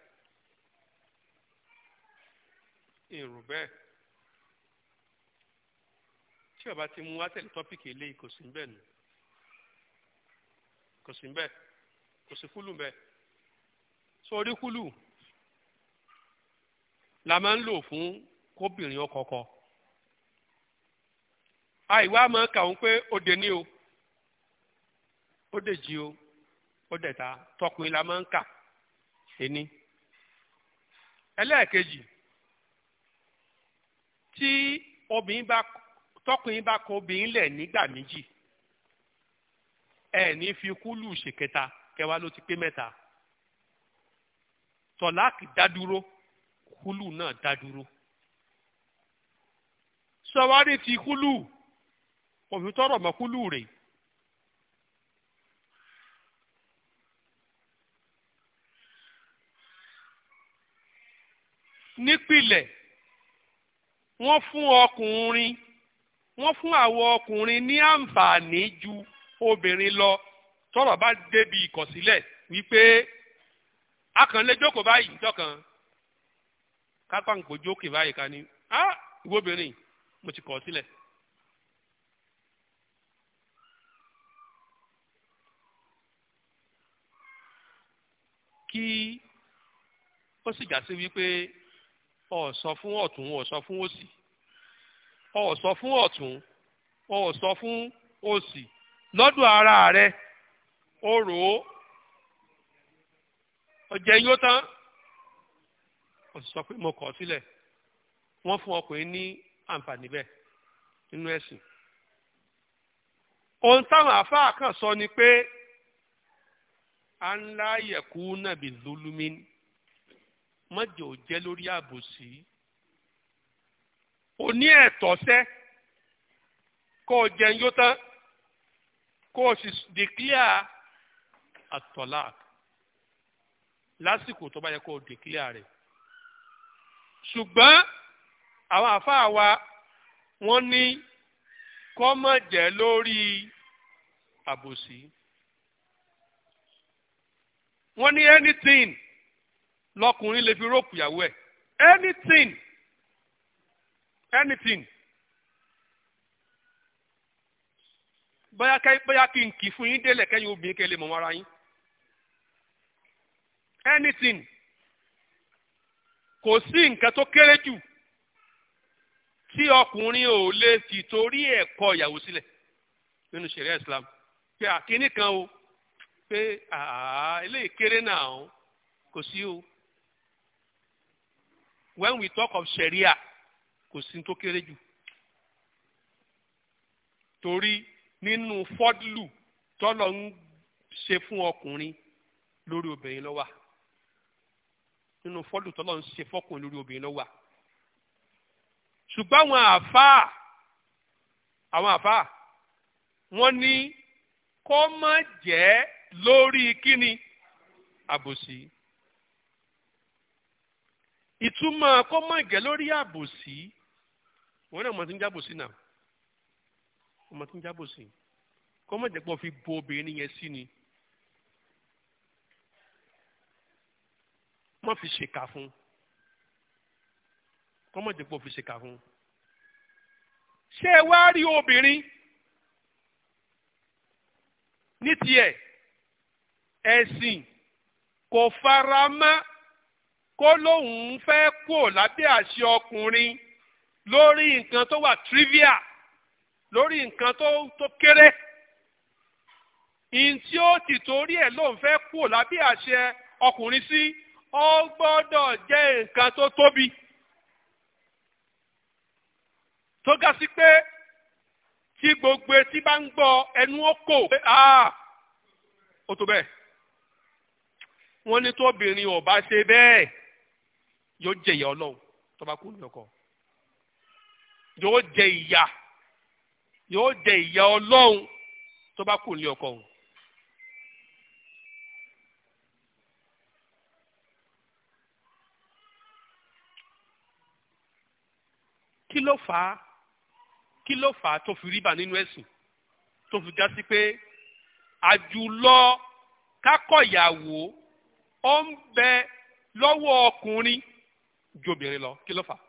èrò bẹ́ẹ̀ tí ọba ti mú wá tẹ̀lé tọ́pìkì eléyìí kò sí níbẹ̀ nù kò sí mbẹ kò sí kúlù mbẹ sórí kúlù la máa ń lò fún kóbìnrin ọkọọkọ àìwá máa ń kà wọn pé ó dé ní o ó dé jí o ó ta tọkùnrin la máa ń kà ẹni ẹlẹ́ẹ̀kejì tí obìnrin bá tọkùnrin bá kọ obìnrin lẹ̀ nígbà méjì ẹ fikulu fi kúlù ṣèkẹta kẹwàá ló ti pé mẹ́ta tọ̀láàkì dádúró kúlù náà dádúró sọwárí ti kúlù òfin tọrọ mọ kúlù rẹ̀ nípìlẹ̀ wọ́n fún ọkùnrin wọ́n fún àwọn ọkùnrin ní àǹfààní ju obìnrin lọ tọ́rọ̀ bá débi ìkọ̀sílẹ̀ wípé akànlé jókòó báyìí jọkàn kápáǹkó jókè báyìí ká ní á ìwọ obìnrin mo ti kọ̀ sílẹ̀. kí ó sì já sí wípé ó sọ fún ọ̀tún ó sọ fún òsì ó sọ fún ọ̀tún ó sọ fún òsì. lọ́dọ̀ ara rẹ ó rò ó ọ̀jẹ̀ yóò tán ó sì sọ pé mo kọ̀ ọ́ sílẹ̀ wọ́n fún ọkùnrin ní àǹfààní bẹ́ẹ̀ nínú ẹ̀sìn. ohun táwọn àáfàá kan sọ ni pé à ń láyẹ̀kú nàbì lólúmi mọ́jọ́ ò jẹ́ lórí àbòsí o ní ẹ̀tọ́ sẹ́ kó o jẹun yóò tán. kó o sì declare atọ́lák lásìkò tó bá yẹ kó o declare rẹ̀ ṣùgbọ́n àwọn àfáà wa wọ́n ní kọ́mọ̀jẹ́ lórí àbòsí wọ́n ní anything lọkùnrin lè fi róòpù ìyàwó ẹ̀ anything anything bóyá kẹ́ bóyá kí n kì í fún yín délẹ̀ kẹ́yìn obìnrin kẹ́ lè mọ̀ ara yín anything kò sí nǹkan tó kéré jù tí ọkùnrin ò lè fi torí ẹ̀ kọ ìyàwó sílẹ̀ nínú ṣẹ̀ríà Islam pé àkíní kan o pé eléyìí kéré náà o kò sí o when we talk of Sharia, kò sí tó kéré jù torí nínú fọ́dúlù tọ́lọ̀ ń ṣe fún ọkùnrin lórí obìnrin ló wà nínú fọ́dúlù tọ́lọ̀ ń ṣe fọ́kùnrin lórí obìnrin ló wà ṣùgbọ́n àwọn àfáà àwọn àfáà wọ́n ní kó má jẹ́ lórí kíni àbòsí ìtumọ̀ kó má jẹ́ lórí àbòsí wọ́n náà mọ̀ sí ń jábòsí náà ọmọ tí ń jábọ̀ sí kọ́mọ̀dẹ́pọ̀ fi bo obìnrin yẹn sí ni má fi ṣèkà fún kọ́mọ̀dẹ́pọ̀ fi ṣèkà fún ṣé ẹ wá rí obìnrin ní tiẹ̀ ẹ̀sìn kò fara mọ́ kó lóun fẹ́ kó lábẹ́ àṣẹ ọkùnrin lórí nǹkan tó wà trivia lórí nǹkan tó tó kéré ìyìn tí ó ti torí ẹ̀ ló ń fẹ́ kúrò lábẹ́ àṣẹ ọkùnrin sí ó gbọ́dọ̀ jẹ́ nǹkan tó tóbi tó ga sí pé tí gbogbo etí bá ń gbọ́ ẹnu ó kò pé ó tó bẹ́ẹ̀ wọ́n ní tóbìnrin ò bá ṣe bẹ́ẹ̀ yóò jẹ ìyà ọlọ́run tó bá kú ní ọkọ yóò jẹ ìyà yóò jẹ ìyà ọlọ́run tó bá kù ní ọkọ òun. kí ló fà á kí ló fà á tó fi ríbà nínú ẹ̀sìn tó fi já sí pé àjùlọ kákọ̀yàwó ó ń bẹ lọ́wọ́ ọkùnrin ju lọ kí ló fà á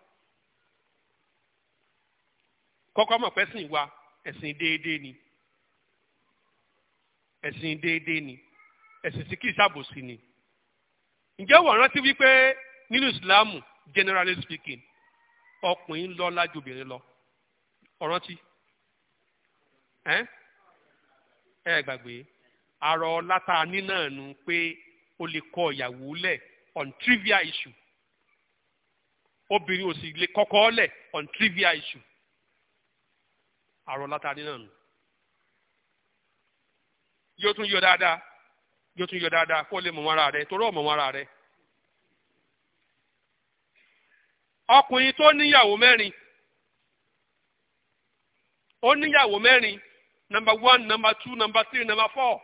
kọ́kọ́ mọ̀ pẹ́sìn wa ẹ̀sìn déédéé ni ẹ̀sìn déédéé ni ẹ̀sìn si kì si ni ǹjẹ́ wọ́n rántí wípé nínú islamu generally speaking ọkùnrin lọ́lá ju obìnrin lọ ọ̀rántí ẹ ẹ gbàgbé àrò látà nínà nu pé o lè kọ ìyàwó lẹ̀ on trivial issue obìnrin ò sì lè kọkọ le on trivial issue àrò látàrí náà nù yóò tún yọ dáadáa yóò tún yọ dáadáa kó lè mọ̀ wọn ara rẹ torí ọmọ wọn ara rẹ ọkùnrin tó níyàwó mẹ́rin ó níyàwó mẹ́rin one number two three four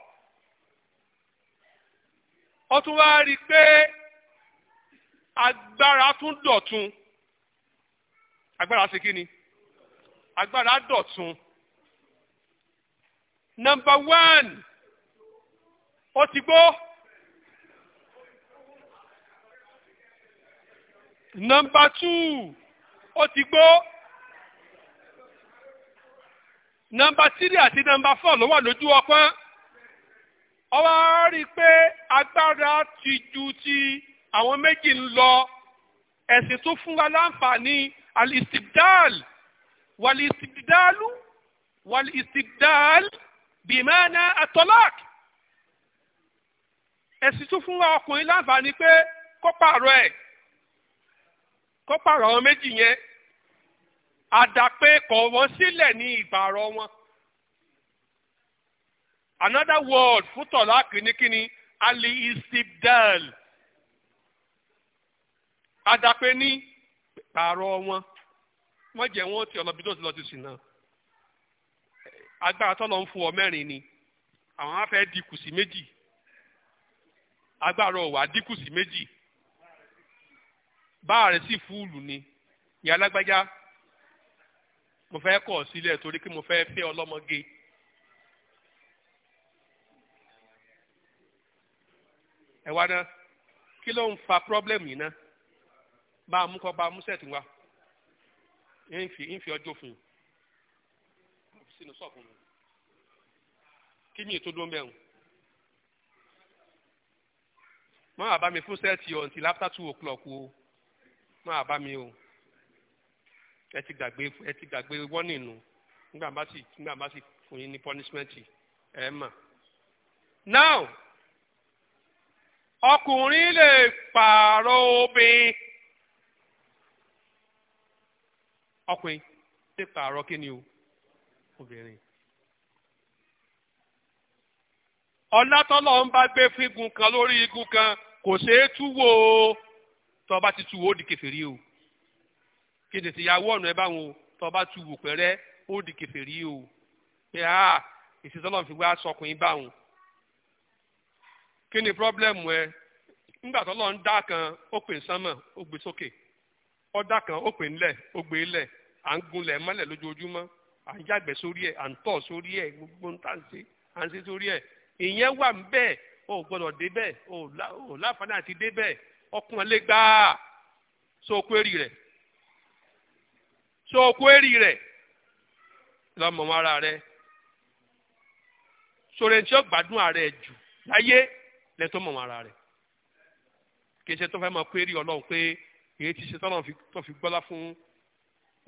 ó tún wá rí i pé agbára tún dọ̀tun ni agbára dọ̀tun. nọmba one ó ti gbó. nọmba two ó ti gbó. nọmba three àti nọmba four ló wà lójú ọpọ́n. ọwọ́ rí i pé agbára ti ju ti àwọn méjì ń lọ ẹ̀sìn tó fún wa láǹfààní alistibdal. والاستبدال، والاستبدال، bìmánà àtọ́lák ẹ̀sìn tún fún ọkùnrin láǹfààní pé kó pààrọ̀ ẹ̀ àwọn méjì yẹn àdàpé kọ̀ wọ́n sílẹ̀ ní ìbàrọ̀ wọn another word fún tọ̀láàkì ní kíni ali istibdal àdàpé ní pààrọ̀ wọn má jẹ́ wọn ti ọ̀nà tó ti lọ náà agbára ń fún mẹ́rin ni àwọn á fẹ́ dínkù sí méjì agbára ọ̀wà dínkù sí méjì báà rẹ̀ sì fúùlù ni ìyá alágbájá mo fẹ́ kọ̀ sílẹ̀ torí pé mo fẹ́ fẹ́ ọlọ́mọge. kí ló ń fa problem yìí bá a ìfi ìfi ọjọ́ fún un sínú sọ́ọ̀fù mi kí ni ètò dún mẹ́rin máa bá mi fún sẹ́ẹ̀tì ọ̀ until after two o'clock o máa bá mi o ẹ ti gbàgbé ẹ ti gbàgbé warning nù nígbà bá sì nígbà bá sì fún yín ní punishment ẹ mà. now ọkùnrin lè pààrọ̀ obìnrin. ọkùnrin ṣe pààrọ̀ kí ni o obìnrin. ọ̀làtọ́lọ́ ń bá gbé fígun kan lórí igun kan kò ṣeé túwò o tó bá ti túwò ó di kèfèrí o kí tètè ya wọ́ọ̀nù ẹ báwọn o tó bá túwò pẹ̀rẹ́ ó di kèfèrí o pé a ìṣètọ́lọ́ fi wá sọkùnrin báwọn. kí ni pírọ́blẹ́mù ẹ nígbà tọ́lọ́ ń dá kan ó pè sánmọ̀ ó gbé sókè. Okay ọ̀dà kan ó pè ńlẹ̀ ó gbé lẹ̀ à ń gunlẹ̀ mọ́lẹ̀ lójoojúmọ́ à ń yàgbẹ́ sórí ẹ̀ à ń tọ̀ sórí ẹ̀ gbogbo ń ń à ń sórí ẹ̀ ìyẹn o o so so rẹ̀ lọ́mọ wọn ara rẹ̀ sọ̀rọ̀ ara jù láyé èyí ti ṣe tọ́nà tó fi gbọ́lá fún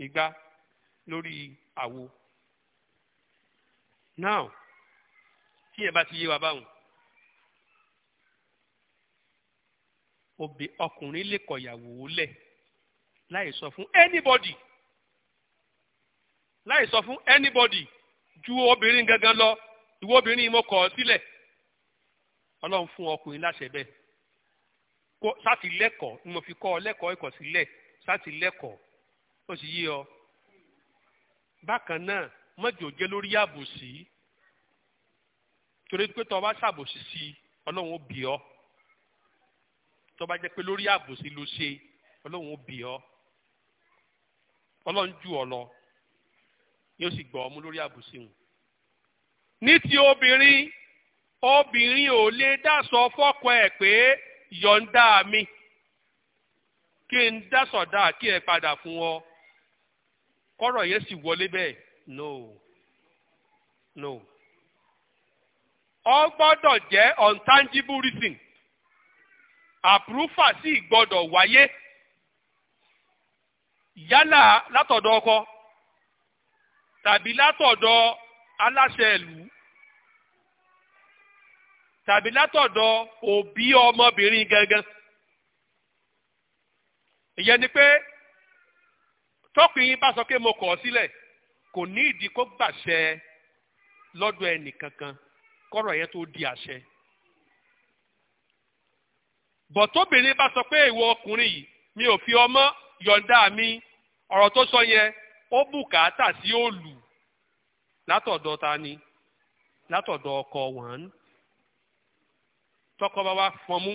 igbá lórí àwo now tí ẹ bá ti yé wa báwọn obì ọkùnrin lè kọ̀yàwó lẹ̀ láì sọ fún anybody láì sọ fún anybody ju obìnrin gangan lọ ìwọ obìnrin mo kọ̀ ọ́ sílẹ̀ ọlọ́run fún ọkùnrin láṣẹ bẹ́ẹ̀ sáti lẹ́kọ̀ọ́ ni mo fi kọ́ ọ lẹ́kọ̀ọ́ ẹ̀kọ́ sílẹ̀ sáti lẹ́kọ̀ọ́ ó sì yé ọ. bákan náà mọ́jọ jẹ́ lórí àbòsí torí pé tọ́ bá ṣàbòsí sí ọlọ́run ó bì ọ́ tọ́ bá jẹ́ pé lórí àbòsí ló ṣe ọlọ́run ó bì ọ́ ọlọ́run jù ọ lọ yóò sì gbọ́ ọmú lórí àbòsí wọn. ní ti obìnrin obìnrin ò lè dá sọ fọ́kọ ẹ̀ pé yọ̀ǹda mi kí n dá sọ̀dá kí ẹ padà fún ọ kọ́rọ̀ yẹn sì wọlé bẹ́ẹ̀ no no ọ gbọ́dọ̀ jẹ́ untangible reason àpúrúfà sì gbọ́dọ̀ wáyé yálà látọ̀dọ̀ ọkọ tàbí látọ̀dọ̀ aláṣẹ ìlú tàbí látọ̀dọ̀ òbí ọmọbìnrin gangan ìyẹn ni pé tọkùnrin bá sọ pé mo kọ̀ ọ́ sílẹ̀ kò ní ìdí kó gbàṣẹ lọ́dọ̀ ẹnì kankan kọ́rọ̀ yẹn tó di àṣẹ bọ̀tọ́bìnrin bá sọ pé ìwọ ọkùnrin yìí mi ò fi ọmọ yọ̀ǹda mi ọ̀rọ̀ tó sọ yẹn ó bùkátà sí òòlù látọ̀dọ̀ ta ni látọ̀dọ̀ ọkọ wọn tọkọ bá wá fọmú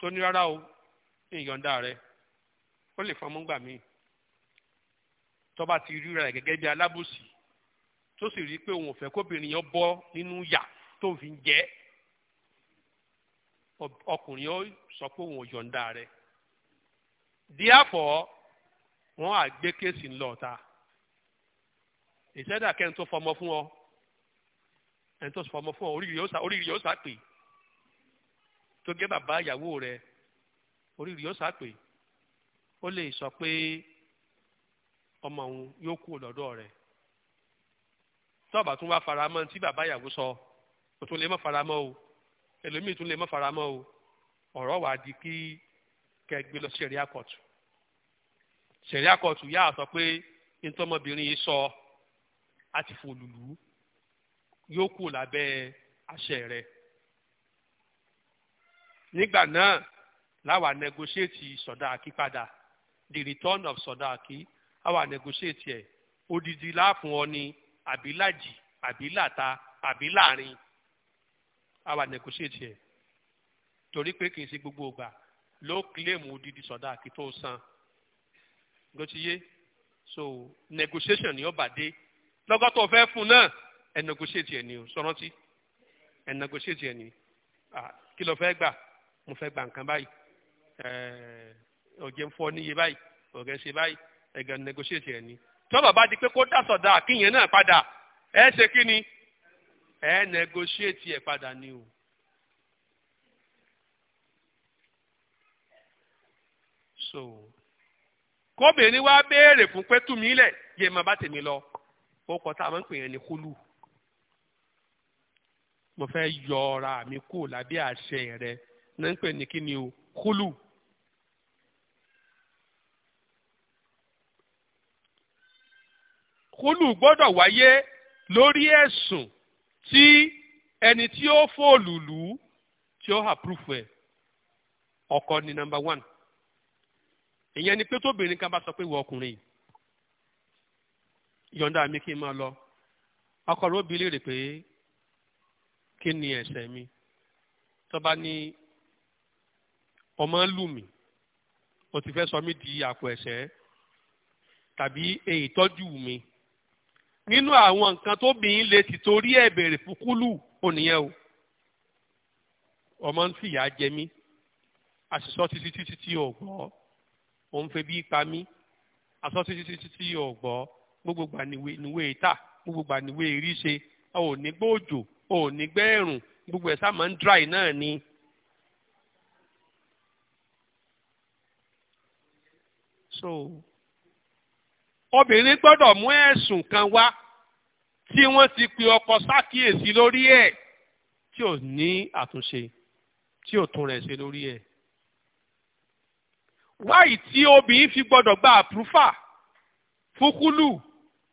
tó ní rárá o ìyọ̀ǹda rẹ ó lè fọmú gbà míì tọ́ba ti ríra rẹ̀ gẹ́gẹ́ bí alábòsí tó sì rí i pé òun ò fẹ́ kóbìnrin yẹn bọ́ nínú yà tó fi ń jẹ́ ọkùnrin yẹn sọ pé òun ò yọ̀ǹda rẹ̀ díàfọ̀ wọ́n á gbé kéèsì ńlọ́ọ̀ta ìṣẹ́dá kẹ́ni tó fọmọ fún ọ ẹni tó fọmọ fún ọ oríire yóò sá pè é. tó gé bàbá ìyàwó rẹ oríire yóò sápè ó lè sọ pé ọmọ òun yóò kú lọ́dọ̀ rẹ̀ tọ́ọ̀bà tún wá faramọ́ tí bàbá ìyàwó sọ kò tún lè faramọ́ o ẹlòmíì tún lè má faramọ́ o ọ̀rọ̀ wà á di kí kẹgbẹ́ lọ sẹ̀rí àkọ́tù sẹ̀rí àkọ́tù yáà sọ pé ntọ́mọbìnrin yìí sọ àti fòlùlù yóò kú lábẹ́ nígbà náà láwa negotiate sọ̀dáàkì padà the return of sọ̀dáàkì àwa negotiate ẹ̀ odidi láàfún ọ ni àbí làjì àbí làta àbí láàrin àwa negotiate ẹ̀ torí pé kì í ṣe gbogbo ìgbà ló kílèmù odidi sọ̀dáàkì tó san ló ti yé so negotiation ni ó bàdé lọ́gọ́ tó fẹ́ fún náà ẹ̀ negotiate ẹ̀ ni o sọ rántí negotiate ẹ̀ ni kí ló fẹ́ gbà mo fẹ́ gba nǹkan báyìí ọ̀jẹ̀ ń fọ níye báyìí ọ̀gẹ̀ ń ṣe báyìí ẹ̀gẹ̀ negotiate ẹ̀ ni tó bàbá di pé kó dàsọ̀dà kíyẹn náà padà ẹ̀ ṣe kí ni ẹ̀ negotiate ẹ̀ padà ni o. so kóbìnrin wa béèrè fún pé tú mi lẹ̀ yẹ máa bá tèmi lọ ó kọ tá a máa ń pè yẹn ní kúlù mo fẹ́ yọ mi kú lábẹ́ àṣẹ rẹ náà ń pè ní kíni o kúlù. kúlù gbọ́dọ̀ wáyé lórí ẹ̀sùn tí ẹni tí ó fòòlù lù ú tí ó àpúrúfù ẹ̀ ọkọ ni nọ́mbà one ìyẹn ni pé tóbìnrin kan bá sọ pé ìwọ ọkùnrin yọ̀ǹda mi kí n máa lọ ọkọ ló bi léèrè pé kí ni ẹ̀ṣẹ̀ mi tó ní ọmọ lù mí o ti fẹ́ sọ mí di àpò ẹ̀ṣẹ̀ tàbí èyí tọ́jú mi nínú àwọn nǹkan tó bìín lè ti torí ẹ̀ bèrè fúkúlù ònìyẹn o ọmọ ń fìyà jẹ mí àṣìṣọ títí títí tí ò gbọ́ òun fẹ́ bí pa mí àṣọ títí títí tí ò gbọ́ gbogbo gbà níwé ìta gbogbo gbà níwé ìríṣe ò ní gbòòjò ò ní gbẹ́rùn gbogbo ẹ̀ sá máa ń dry náà ni. so obìnrin gbọ́dọ̀ mú ẹ̀sùn kan wá tí wọ́n ti pe ọkọ sákìyèsí lórí ẹ̀ tí ò ní àtúnṣe tí ò tún rẹ̀ ṣe lórí ẹ̀. wáyì tí obìnrin fi gbọ́dọ̀ gba àpúrúfà fúkúlù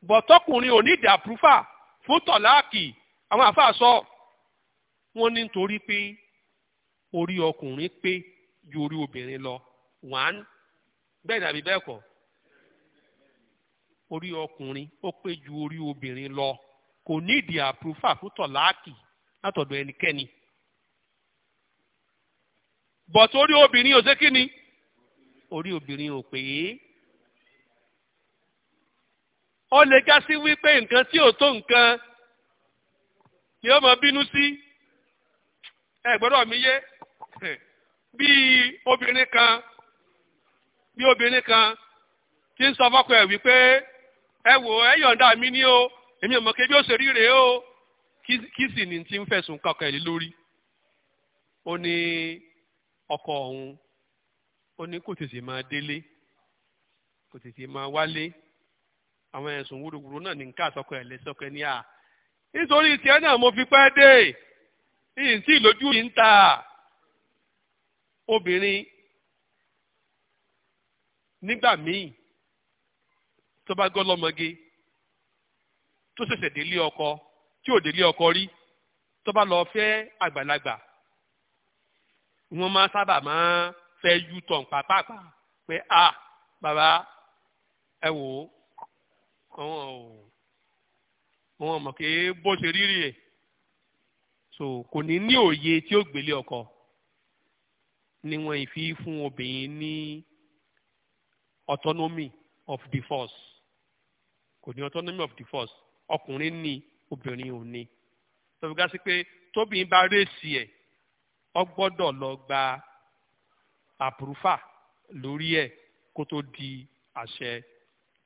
bọ̀tọ́kùnrin ò ní ìdí àpúrúfà fún tọ̀láàkì àwọn àfáà sọ wọ́n ní nítorí pé orí ọkùnrin pé ju orí obìnrin lọ one bẹ́ẹ̀ ni bẹ́ẹ̀ kọ́ orí ọkùnrin ó pé ju orí obìnrin lọ kò ní ìdí àpòfà fún tọ̀láàkì látọ̀dọ̀ ẹnikẹ́ni bọ̀t orí obìnrin ò sé kí ni orí obìnrin ò pé ó lè já sí wípé nǹkan tí ò tó nǹkan ni ó mọ bínú sí ẹ gbọ́dọ̀ mi yé bíi obìnrin kan bí obìnrin kan ti ń sọ fọ́kọ ẹ̀ wípé ẹ wò ẹ yọ̀ǹda mi ní o èmi ò mọ̀ kébí ó ṣe rí rèé o kí sì ni ti ń fẹ̀sùn kankan ẹ̀ lórí ó ní ọkọ òun ó ní kò tètè máa délé kò tètè máa wálé àwọn ẹ̀sùn wúrúwúrú náà ní nǹkan àtọkọ ẹ̀ lẹ́sọ̀kẹ́ ní à nítorí tiẹ̀ náà mo fi pẹ́ dé yìí tí ìlójú yìí ń ta obìnrin nígbà míì tó bá gọ́ lọ́mọge tó ṣẹ̀ṣẹ̀ délé ọkọ tí ò délé ọkọ rí tó bá lọ fẹ́ àgbàlagbà wọ́n máa sábà máa fẹ́ yú tọ̀n pàápàá pé a bàbá ẹ wò ó àwọn ò àwọn ọmọ kì í bó ṣe rírì ẹ̀ so kò ní ní òye tí ó gbélé ọkọ ni wọ́n fi fún obìnrin ní. Ni autonomy of divorce kò ní autonomy of divorce ọkùnrin ní obìnrin ò ní tọ́bi ká sí pé tóbìnrin bá rèsì ẹ̀ ọ gbọ́dọ̀ lọ gba àpùrúfà lórí ẹ̀ kó tó di àṣẹ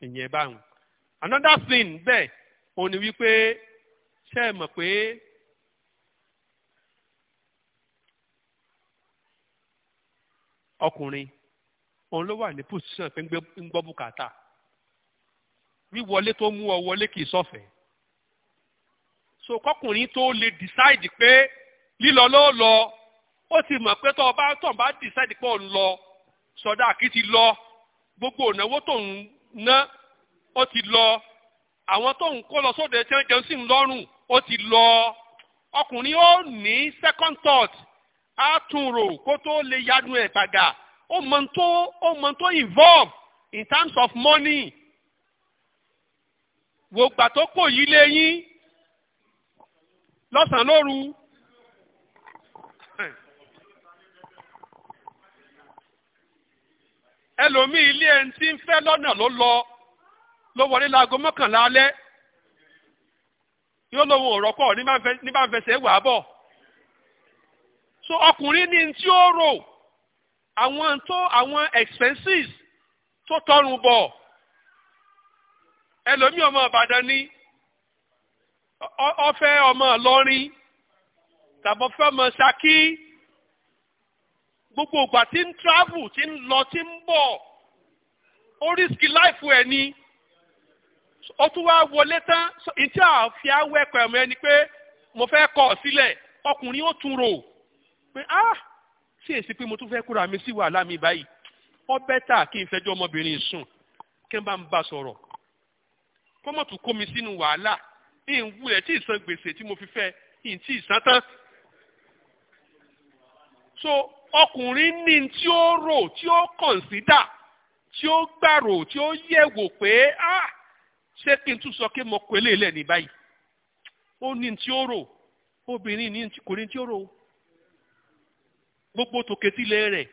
ìyẹn báwọn. another thing bẹ́ẹ̀ òun ni wípé ṣe é mọ̀ pé ọkùnrin òun ló wà ní pòsíṣàn pé ń gbọ́ bùkátà wíwọlé tó mú ọ wọlé kì í sọ̀fẹ́ so kọkùnrin tó lè decide pé lílọ ló lọ ó ti mọ̀ pé tó o bá tó o bá decide pé òun lọ sọdá kì í ti lọ gbogbo ìnáwó tó ń ná ó ti lọ àwọn tó ń kó lọ sóde tí wọ́n jẹun sí ń lọ́rùn ó ti lọ ọkùnrin ó ní second thought á tún rò kó tó lè yanu ẹ̀ gbàgà ó mọ tó ó mọ tó involve in terms of money wò gbà tó kò yí léyìn lọ́sàn-án lóru. ẹlòmíì ilé ẹni tí ń fẹ́ lọ́nà ló lọ ló wọlé láago mọ́kànlá alẹ́ yóò lóun ọ̀rọ̀ pọ̀ ní bá ń fẹsẹ̀ wà á bọ̀ so ọkùnrin ní tí ó rò àwọn tó àwọn expenses tó tọrùn bọ̀ ẹlòmíì ọmọ Ìbàdàn ni ọfẹ ọmọ Ìlọrin tàbí ọfẹ ọmọ Ṣakí gbogbo ìgbà tí ń travel tí ń lọ tí ń bọ̀ ó rísíkì láìfù ẹ̀ ni ó tún wá wọlé tán ìtí àfi awẹ́kọ̀ọ́ ẹ̀mọ́ ẹni pé mo fẹ́ kọ̀ sílẹ̀ ọkùnrin ó tún rò pé ah tí èsì pé mo tún fẹ́ kóra mi sí wàhálà mi báyìí ó bẹ́tà kí n fẹjọ́ ọmọbìnrin sùn kí n bá ń bá sọ̀rọ̀ kọ́mọ̀tù kó mi sínú wàhálà ìhìn wulẹ̀ tí ìsan gbèsè tí mo fi fẹ́ ìhìn tí ìsan tán. so ọkùnrin ní tí ó rò tí ó kọ̀ǹsídà tí ó gbàrò tí ó yẹ̀wò pé ah, ṣé kí n tún sọ pé mo pèlè lẹ̀ ní báyìí ó ní tí ó rò obìnrin ní kò ní tí ó rò gbogbo tòkẹ́tìlẹ̀ rẹ̀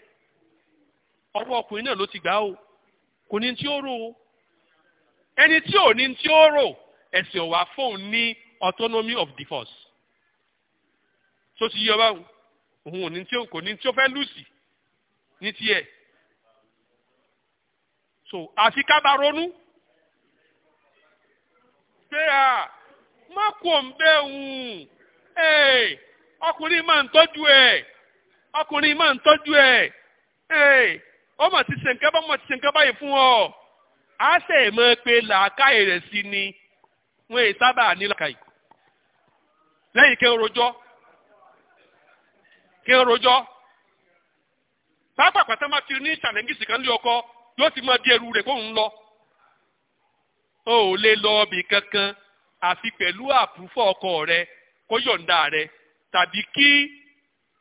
ọwọ́ ọkùnrin náà ló ti gbà ó kò ní tí ó rò ó ẹni tí ò ní tí ó rò ẹ̀sìn ọ̀wà fóun ní autonomy of divorce. force tó ti yọ báwọn òun ò ní tí ó kò ní tí ó fẹ́ lùsì ní tiẹ̀ so àfi ká bá ronú pé à má kò ń bẹ́ẹ̀ hùn ọkùnrin máa ń tọ́jú ẹ̀. ọkùnrin máa ń tọ́jú ẹ̀ ó mà ti ṣe bá ti fún ọ a ṣe é mọ̀ pé làákàyè rẹ̀ ni wọn saba sábà ní làákàyè lẹ́yìn kí n rojọ́ kí n rojọ́ pápákọ̀ máa ní kan ọkọ yóò ti máa di ẹrù rẹ̀ kó ń lọ o ò lè lọ ọbì kankan àfi pẹ̀lú ọkọ rẹ kó yọ̀ǹda rẹ tàbí kí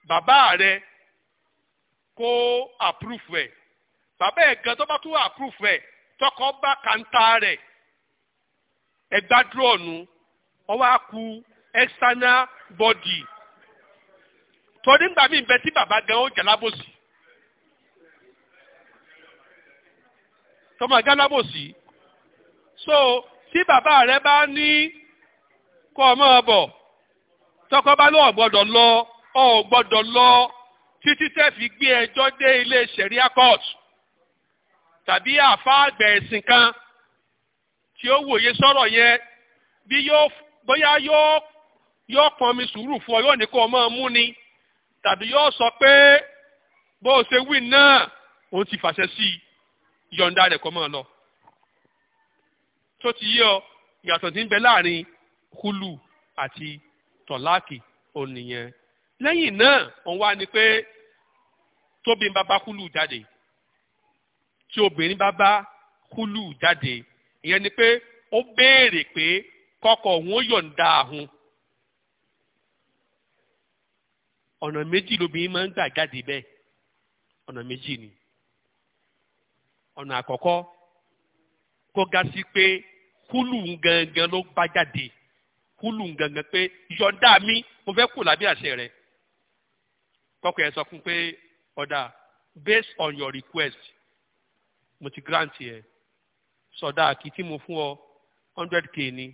bàbá rẹ kó àpúrúfù ẹ̀ bàbá ẹ̀ gan tó bá tún àpúrúfù ẹ̀ tọkọ bá kàńtà rẹ̀ ẹgbàdúró ọ̀nù ọwọ́ àkú external body torí ńgbà mí bẹ tí bàbá gan ó jàlábòsì tọmọ jàlábòsì so tí bàbá rẹ bá ní kọ́ ọmọ ọbọ̀ tọkọ bá lọ́ọ̀ gbọ́dọ̀ lọ ọ ò gbọ́dọ̀ lọ títí tẹ́ fi gbé ẹjọ́ dé ilé sẹ̀ríà court tàbí àáfàá àgbà ẹ̀sìn kan tí ó wòye sọ̀rọ̀ yẹn bí yóò bóyá yóò yóò pọn mi sùúrù fún ọ yóò ní kó o máa mú ni tàbí yóò sọ pé bó o ṣe wí náà òun ti fàṣẹ sí i yọ̀ǹda rẹ̀ kọ́ máa lọ. tó ti yé ọ ìyàtọ̀ tí ń bẹ láàrin kúlù àti tọ̀láàkì òun nìyẹn lẹ́yìn náà òun wá ní pé tóbi ń bá bá kúlù jáde tí obìnrin bá bá kúlù jáde ìyẹn ni pé ó béèrè pé kọ́kọ́ òun ó yọ̀ǹda àhun ọ̀nà méjì lobìnrin máa ń gbà jáde bẹ́ẹ̀ ọ̀nà méjì ni ọ̀nà àkọ́kọ́ kó ga sí pé kúlù gangan ló bá jáde kúlù gangan pé yọ̀ǹda mi mo fẹ́ kù lábẹ́ àṣẹ rẹ̀ kọ́kọ́ ẹ sọ fún pé ọ̀dà based on your request mo ti grant yẹ sọdá àkì tí mo fún ọ hundred k ni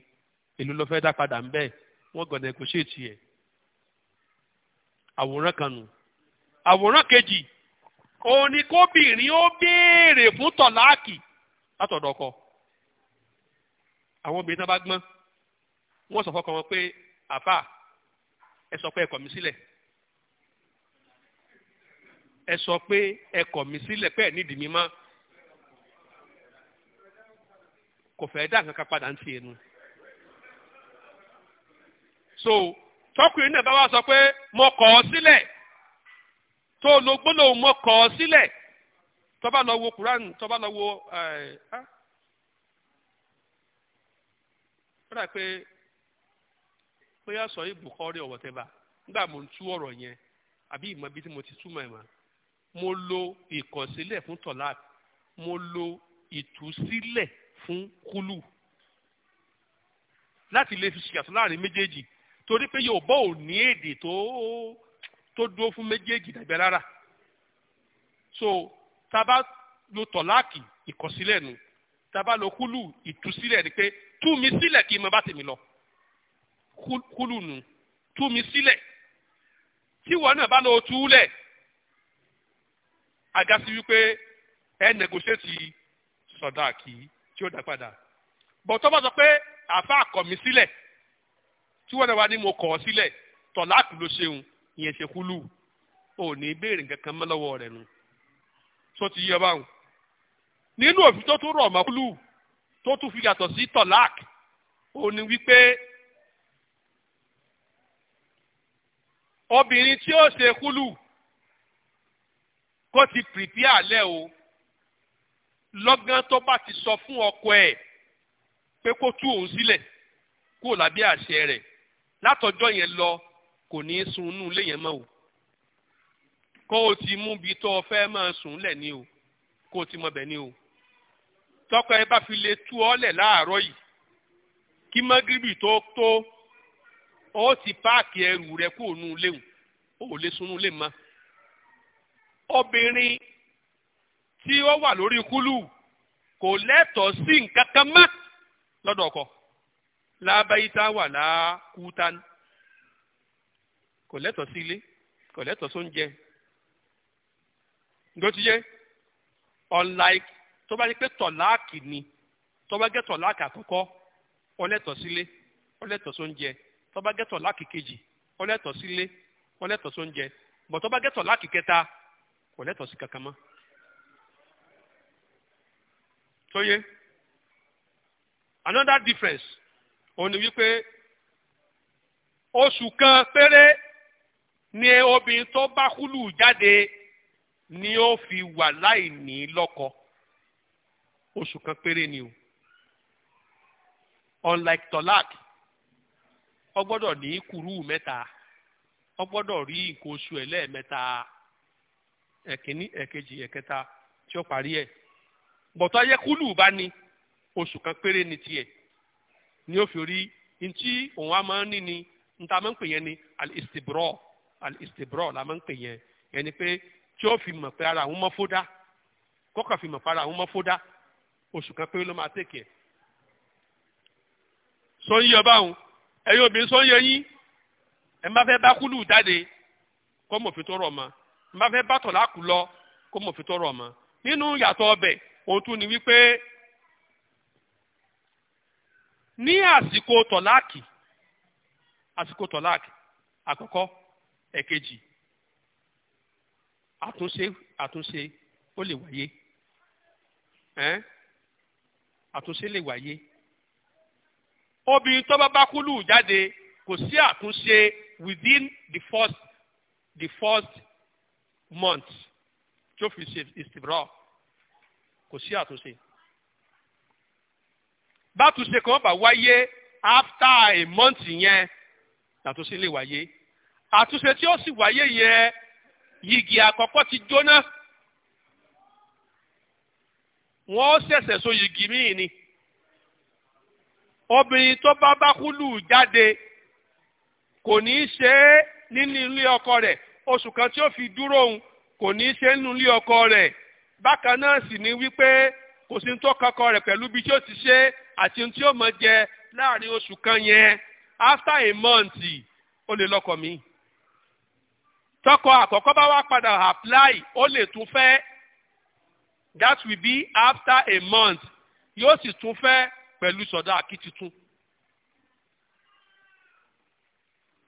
èlò ló fẹ́ dá padà ń bẹ́ẹ̀ wọ́n gbọ́dọ̀ negotiate yẹ àwòrán kan nù àwòrán kejì òun ni kóbìnrin ó béèrè fún tọ̀láàkì látọ̀dọ̀ ọkọ àwọn obìnrin náà bá gbọ́n wọ́n sọ fọkàn wọn pé àfà ẹ sọ pé ẹ kọ̀ mí sílẹ̀ ẹ sọ pé ẹ kọ̀ mí sílẹ̀ pẹ́ẹ́ nídìí mi kò fẹ́ dá nǹkan kan padà ń so tọkùnrin náà bá wá sọ pé mo kọ̀ ọ́ sílẹ̀ tó lo mo kọ̀ ọ́ sílẹ̀ tó bá lọ wo Quran tó bá lọ wo fúnra eh, ah. pé bóyá sọ nígbà mo ń tú ọ̀rọ̀ yẹn àbí ìmọ̀ tí mo ti túmọ̀ ẹ̀ mo lo ìkọ̀sílẹ̀ fún tọ̀láàkì mo lo ìtúsílẹ̀ fún kúlù láti lè fi ṣìyàtọ̀ láàrin méjèèjì torí pé Yorùbá ò ní èdè tó tó dúró fún méjèèjì dàgbẹ́ rárá so taba a bá lo tọ̀láàkì ìkọ̀sílẹ̀ nu taba lo kulu ìtúsílẹ̀ ni pé tú mi sílẹ̀ kí n má bá tèmi lọ kúlù nu tú mi sílẹ̀ tí wọn náà bá lọ tú àjásí wípé ẹ nẹgòṣẹ́tì sọ̀dáàkì tí ó dá padà bọ̀tọ́ bá sọ pé àáfàá kọ̀ mí sílẹ̀ tí wọ́n náà wá ní mo kọ̀ ọ́ sílẹ̀ tọ̀láàkù ló ṣeun ìyẹn ṣe kúlù ò ní béèrè kankan mọ́ lọ́wọ́ rẹ̀ nu tó ti yẹ báwọn. nínú òfin tó tún rọ̀ mọ́ kúlù tó tún fi yàtọ̀ sí tọ̀láàkù ò ní wípé obìnrin tí ó ṣe kúlù ọkọ ti pìrìpì àlẹ́ o lọ́gán tó bá ti sọ fún ọkọ ẹ̀ pé kó tú òun sílẹ̀ kó lábẹ́ àṣẹ rẹ̀ látọjọ́ yẹn lọ kò ní í sun inú ilé yẹn mọ́ o kó o ti mú bi tó o fẹ́ máa sùn lẹ̀ ni o kó o ti mọ̀ bẹ̀ ni o tọkọ ẹ bá fi lè tú ọ lẹ̀ láàárọ̀ yìí kí mọ́gìrìbì tó tó ó ti páàkì ẹrù rẹ kó o nù léwu ó lè sun inú ilé mọ́. obìnrin tí ó wà lórí kúlù kò lẹ́tọ̀ọ́ sí nǹkan kan mọ́ lọ́dọ̀ ọkọ lábáyítá wà lákútán kò lẹ́tọ̀ọ́ sí ilé kò lẹ́tọ̀ọ́ sóúnjẹ ndotiye unlike tó bá yẹ pé tọ̀láàkì ni tó bá gẹ́ tọ̀láàkì àkọ́kọ́ ó lẹ́tọ̀ọ́ ó lẹ́tọ̀ọ́ tó bá gẹ́ tọ̀láàkì kò lẹ́tọ̀ọ́ sí kankan mọ́ tó yé another difference òun ni wípé oṣù kan péré ni obìnrin tó bá kúlù jáde ni ó fi wà láì ní lọ́kọ oṣù kan péré ni o unlike tolak ọ gbọdọ ní kùrú mẹ́ta ọ gbọdọ rí nǹkan oṣù ẹ̀ lẹ́ẹ̀mẹ́ta. ẹ̀kíní ẹ̀kejì ẹ̀kẹta tí ó parí ẹ̀ bọ̀tọ̀ ayẹ́kúlù bá ní oṣù kan péré ní tiẹ̀ ni ó fi rí ntí òun á máa ń ní ni níta máa ń pè yẹn ni al-istibro al-istibro la máa ń pè yẹn yẹn ni pé tí ó fi mọ̀ pé ara àwọn ọmọ fódà kọ́kọ́ fi mọ̀ pé ara àwọn ọmọ fódà oṣù kan péré ló máa tẹ̀kẹ̀ sọ́yìn ọba òun ẹ̀yin obìnrin sọ́yìn ẹ̀yìn ẹ̀ má fẹ́ bá kúlù jáde kọ́mọ̀fin tó rọ̀ mọ́ n bá fẹ́ bàtọ̀ láàkú lọ kó mọ̀ fi tó rọ̀ mọ́ nínú yàtọ̀ ọbẹ̀ òun tún ni wípé ní àsìkò tọ̀láàkì àsìkò tọ̀láàkì àkọ́kọ́ ẹ̀kejì àtúnṣe àtúnṣe ó lè wáyé ẹ́n àtúnṣe lè wáyé obìnrin tó bá bá kúlù jáde kò sí àtúnṣe within the first the first Months. tí ó fi ṣe ìsìnbọ̀ kò sí àtúnṣe bátúnṣe kan bá wáyé after a month yẹn àtúnṣe lè wáyé àtúnṣe tí ó sì wáyé yẹn yìgì àkọ́kọ́ ti jóná wọ́n ṣẹ̀ṣẹ̀ so yìgì míì ni obìnrin tó bá bá kúlù jáde kò ní í ṣe nínú ilé ọkọ rẹ̀ oṣù kan tí ó fi dúró òun kò ní í ṣe nínú ilé ọkọ rẹ̀ bákan náà sì ni wípé kò sí tó kọkọ rẹ̀ pẹ̀lú bí tí ó ti ṣe àti tí ó mọ̀ jẹ láàrin oṣù kan yẹn after a month ó lè lọ́kọ mi tọkọ àkọ́kọ́ bá wá padà apply ó lè tún fẹ́ that will be after a month yóò sì tún fẹ́ pẹ̀lú sọ̀dọ̀ àkìtì tún.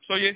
sọye. So, yeah.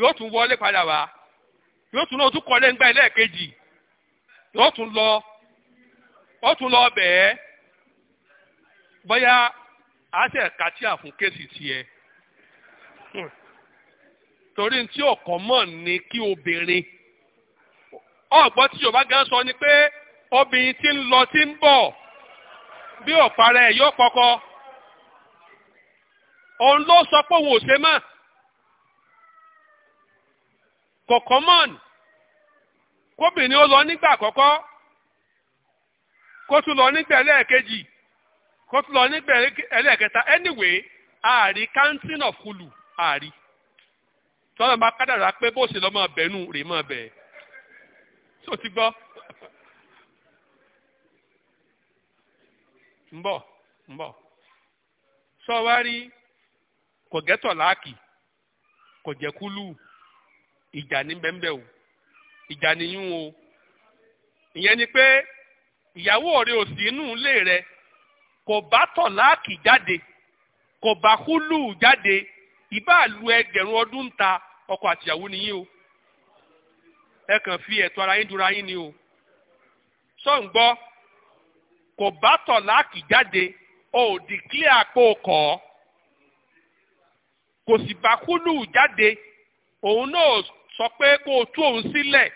yóò tún wọlé padà wá yóò tún náà tún kọ́ lẹ́ngbà ẹlẹ́ẹ̀kejì yóò tún lọ ó tún lọ bẹ̀ẹ́ bóyá àṣẹ kàtíà fún kéèsì tiẹ̀ torí tí ọ̀kan mọ̀ ni kí obìnrin ọ̀gbọ́n tí yorùbá gan sọ ni pé obìnrin tí ń lọ tí ń bọ̀ bí ọ̀parẹ́ yóò pọkọ òun ló sọ pé òun ò ṣe mọ́ kọ̀kọ́ mọ́ọ̀nì kóbìnrin ó lọ nígbà àkọ́kọ́ kó tún lọ nígbà ẹlẹ́ẹ̀kejì kó tún lọ nígbà ẹlẹ́ẹ̀kẹta anyway ààrí counting of kulu ààrí tọ́lá máa kádàrá pé bó ṣe lọ́ máa bẹ̀ẹ́nu rè máa bẹ̀ẹ́ tó ti gbọ́ ń bọ̀ ń bọ̀ sọ wá rí kò gẹ́tọ̀ láàkì kò jẹ́ kúlù. ìjà ní o ìjà o ìyẹn ni pé ìyàwó rẹ ò sí inú ilé rẹ kò bá tọ̀láàkì jáde kò bá húlù jáde ìbá lu ẹgbẹ̀rún ọdún ta ọkọ àtìyàwó nìyí o ẹ kàn ni o sọ ń jáde o ò jáde òun náà sọ pé kó o tú òun sílẹ̀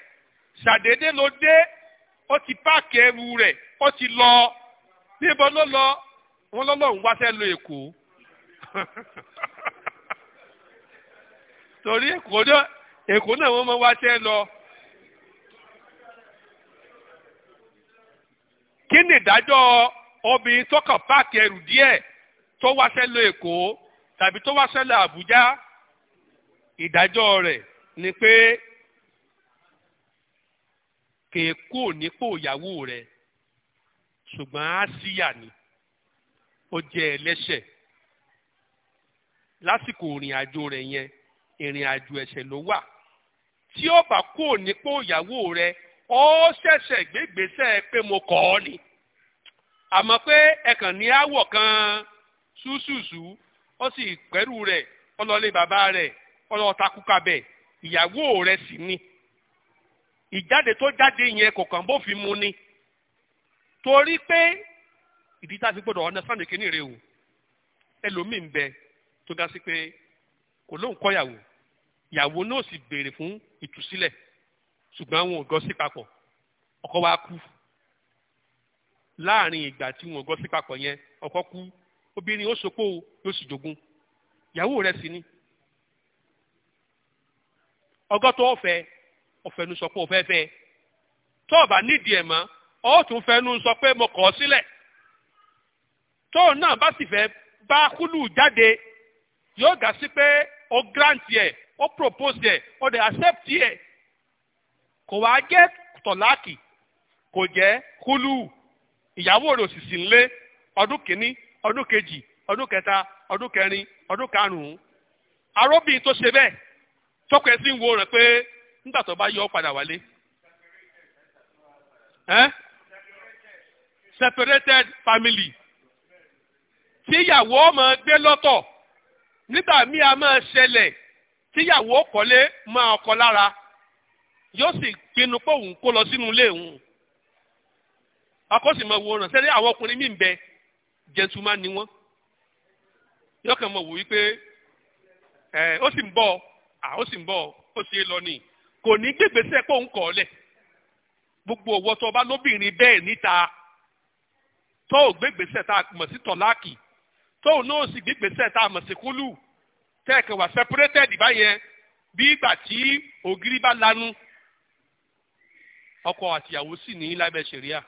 ṣàdédé ló dé ó ti páàkì ẹrù rẹ̀ ó ti lọ níbo ló lọ wọn lọ́lọ́run wáṣẹ́ lọ èkó torí èkó náà èkó náà wọ́n mọ wáṣẹ́ lọ. kí ni ìdájọ́ obìnrin tó kàn páàkì ẹrù díẹ̀ tó wáṣẹ́ lọ èkó tàbí tó wáṣẹ́ lọ àbújá ìdájọ́ rẹ̀ ni pé kèékò nípò ìyàwó rẹ̀ ṣùgbọ́n á síyà ni ó jẹ́ ẹlẹ́ṣẹ̀ lásìkò ìrìn àjò rẹ̀ yẹn ìrìn àjò ẹ̀ṣẹ̀ ló wà tí ó bá kò nípò ìyàwó rẹ̀ ó ṣẹ̀ṣẹ̀ gbégbèsè pé mo kọ̀ ọ́ ni àmọ́ pé ẹ̀kàn ní àwọ̀ kan ṣúṣùṣù ó sì pẹ̀rù rẹ̀ ọlọ́lé bàbá rẹ̀ ọlọ́ọ̀takùkà bẹ́ẹ̀ ìyàwó rẹ sì ni ìjáde tó jáde yẹn kò kàn bófin mu ni torí pé ìdí tá a fi gbọ́dọ̀ ọ̀nà sáǹdì kìíní rẹ o ẹlòmíì ń bẹ tó ga sí pé kò lóun kọ́ yàwó yàwó náà sì béèrè fún ìtúsílẹ̀ ṣùgbọ́n àwọn ò sí papọ̀ ọkọ wa kú láàrin ìgbà tí wọn ò sí papọ̀ yẹn ọkọ kú obìnrin ó sopó yóò sì jogún yàwó rẹ sì ni ọgọ́tọ̀ ọ̀fẹ́ ọ̀fẹ́nu sọ pé ó fẹ́ fẹ́ tó o bá nídìí ẹ̀ mọ́ ọ tún fẹ́nu sọ pé mo kọ̀ ọ́ sílẹ̀ tó o náà bá sì fẹ́ bá kúlù jáde yóò gà sí pé o grant yẹ o propose yẹ o dey accept yẹ kò wá jẹ́ tọ̀láàkì kò jẹ́ kúlù ìyàwó rẹ̀ òsìsì ńlé ọdún kìíní ọdún kejì ọdún kẹta ọdún kẹrin ọdún karùn-ún tó ṣe bẹ́ẹ̀ tọkọ ń wo rẹ pé nígbà tó bá yọ padà wálé separated family tíyàwó máa gbé lọ́tọ̀ nígbà míì a máa ṣẹlẹ̀ tíyàwó kọ́lé máa ọkọ lára yóò sì pinnu pé òun kó lọ sínú ilé òun akọ́sìmọ̀ wo sẹ́lẹ̀ àwọn ọkùnrin mí ń bẹ ni wọ́n yọkàn wò wípé ó sì ń bọ̀ ọ́. àó sì ń bọ̀ ó ṣe é lọ ni kò ní gbègbèsè pé òun kọ̀ ọ́ lẹ̀ gbogbo òwò tó bá lóbìnrin bẹ́ẹ̀ níta tó ò gbégbèsè tá a mọ̀ sí tọ̀láàkì tó ò náà sì gbégbèsè tá a mọ̀ sí kúlù tẹ́ẹ̀kan wà separated báyẹn bí ìgbà tí ògiri bá lanu ọkọ àtìyàwó sì ní lábẹ́ ṣẹ̀ríà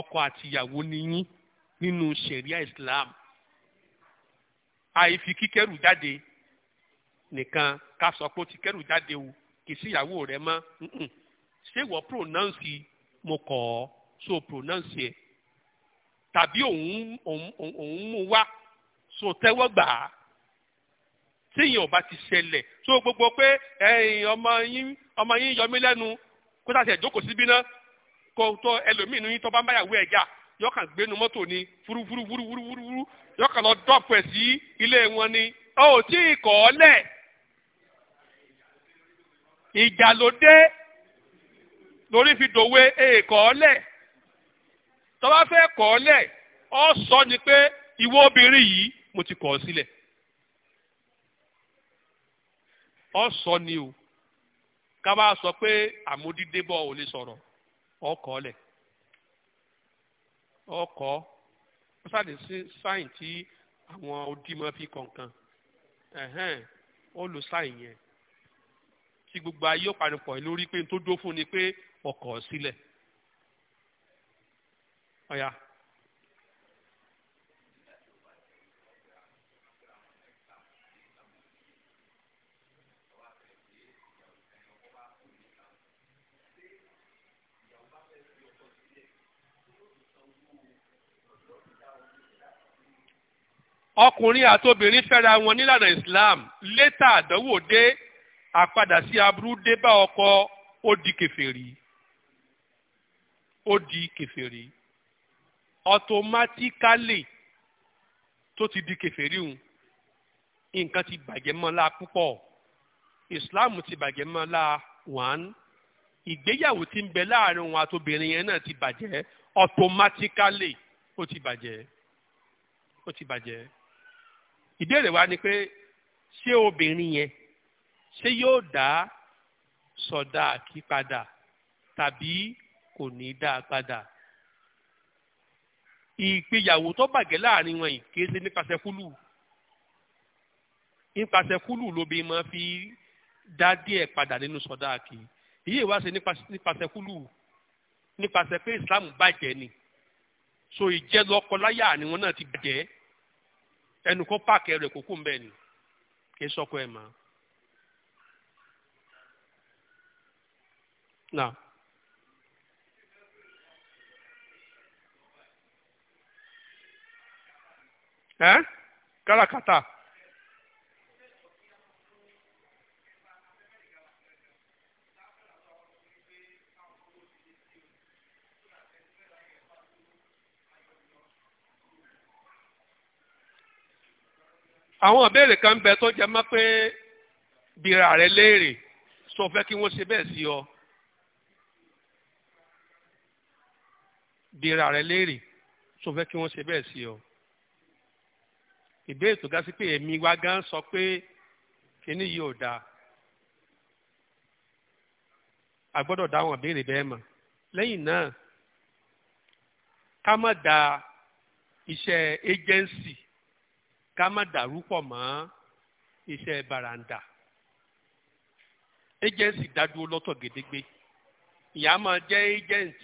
ọkọ àtìyàwó ni yín nínú ṣẹ̀ríà Islam àìfi kíkẹ́rù jáde nìkan ká sọ pé ó ti kẹ́rù jáde o kì í sí ìyàwó rẹ mọ́ ṣé ìwọ pronounce mo kọ̀ ọ́ so pronounce ẹ̀ tàbí òun òun mú wá so tẹ́wọ́ gbà á tíyìn ọba ti ṣẹlẹ̀ so gbogbo pé ẹ̀yìn ọmọ yín ọmọ yín yọmí lẹ́nu kó tàṣẹ ìjókòó síbí náà kó tó ẹlòmíì nínú yín tó bá ń báyàwó ẹ̀já yọkàn gbénu mọ́tò ni fúrúfúrúfúrúfúrú ìjà ló dé lórí fi dòwe èèkọ́ e, ọ̀lẹ̀ tó bá fẹ́ kọ́ ọ̀lẹ̀ ọ sọ ni pé ìwọ obìnrin yìí mo ti kọ̀ ọ́ sílẹ̀ ọ sọ ni o ká bá sọ pé àmúdídébọ̀ ò lè sọ̀rọ̀ ọkọ̀ ọ̀lẹ̀ ọkọ̀ ó sáde sí sáìn tí àwọn odi fi kọ̀ọ̀kan ó lo sáìn yẹn tí gbogbo ayé ó panupọ̀ lórí pé tó dó fún ni pé ọkọ̀ sílẹ̀ ọ̀yà. ọkùnrin àti obìnrin fẹ́ra wọn nílànà Islam létà àdánwò dé àpadà sí aburú dé bá ọkọ ó di kèfèrí ó di kèfèrí ọtomátíkálì tó ti di kèfèrí hùn nǹkan ti bàjẹ́ mọ́ la púpọ̀ ìsìláàmù ti bàjẹ́ mọ́ la one ìgbéyàwó ti ń bẹ láàrin òun àtobìnrin yẹn náà ti bàjẹ́ ọtomátíkálì ó ti bàjẹ́ ó ti bàjẹ́ ìbéèrè wa ni pé ṣé obìnrin yẹn ṣé yóò dá sọ̀dá àkí padà tàbí kò ní dá a padà. ìgbéyàwó tó bàgẹ́ láàrin wọn ìkéde nípasẹ̀ kúlù nípasẹ̀ kúlù lóbi máa fi dá díẹ̀ padà nínú sọ̀dá àkí èyí wá ṣe nípasẹ̀ kúlù nípasẹ̀ pé Islam bàjẹ́ ni so ìjẹ́ lọ́kọ-láyà ni wọn náà ti bàjẹ́ ẹnu kó pààkì ẹrù ẹ̀kọ́ kó ń bẹ̀ ni kì í sọ́kọ ẹ̀ máa. نعم ها káràkátà àwọn ìbéèrè kan ń bẹ tó jẹ mọ́ pé bìrà rẹ léèrè sọ fẹ́ kí wọ́n ṣe bẹ́ẹ̀ sí ọ. bíra rẹ léèrè tó fẹ́ kí wọ́n ṣe bẹ́ẹ̀ sí ọ. ìbéèrè tó ga sí pé èmi wa gan sọ pé kíní yìí ò dáa a gbọ́dọ̀ dá wọn béèrè bẹ́ẹ̀ mọ̀ náà ká má da iṣẹ́ agency ká má dàrú pọ̀ mọ́ baranda agency dádúró lọ́tọ̀ gédégbé ìyá máa jẹ́ agent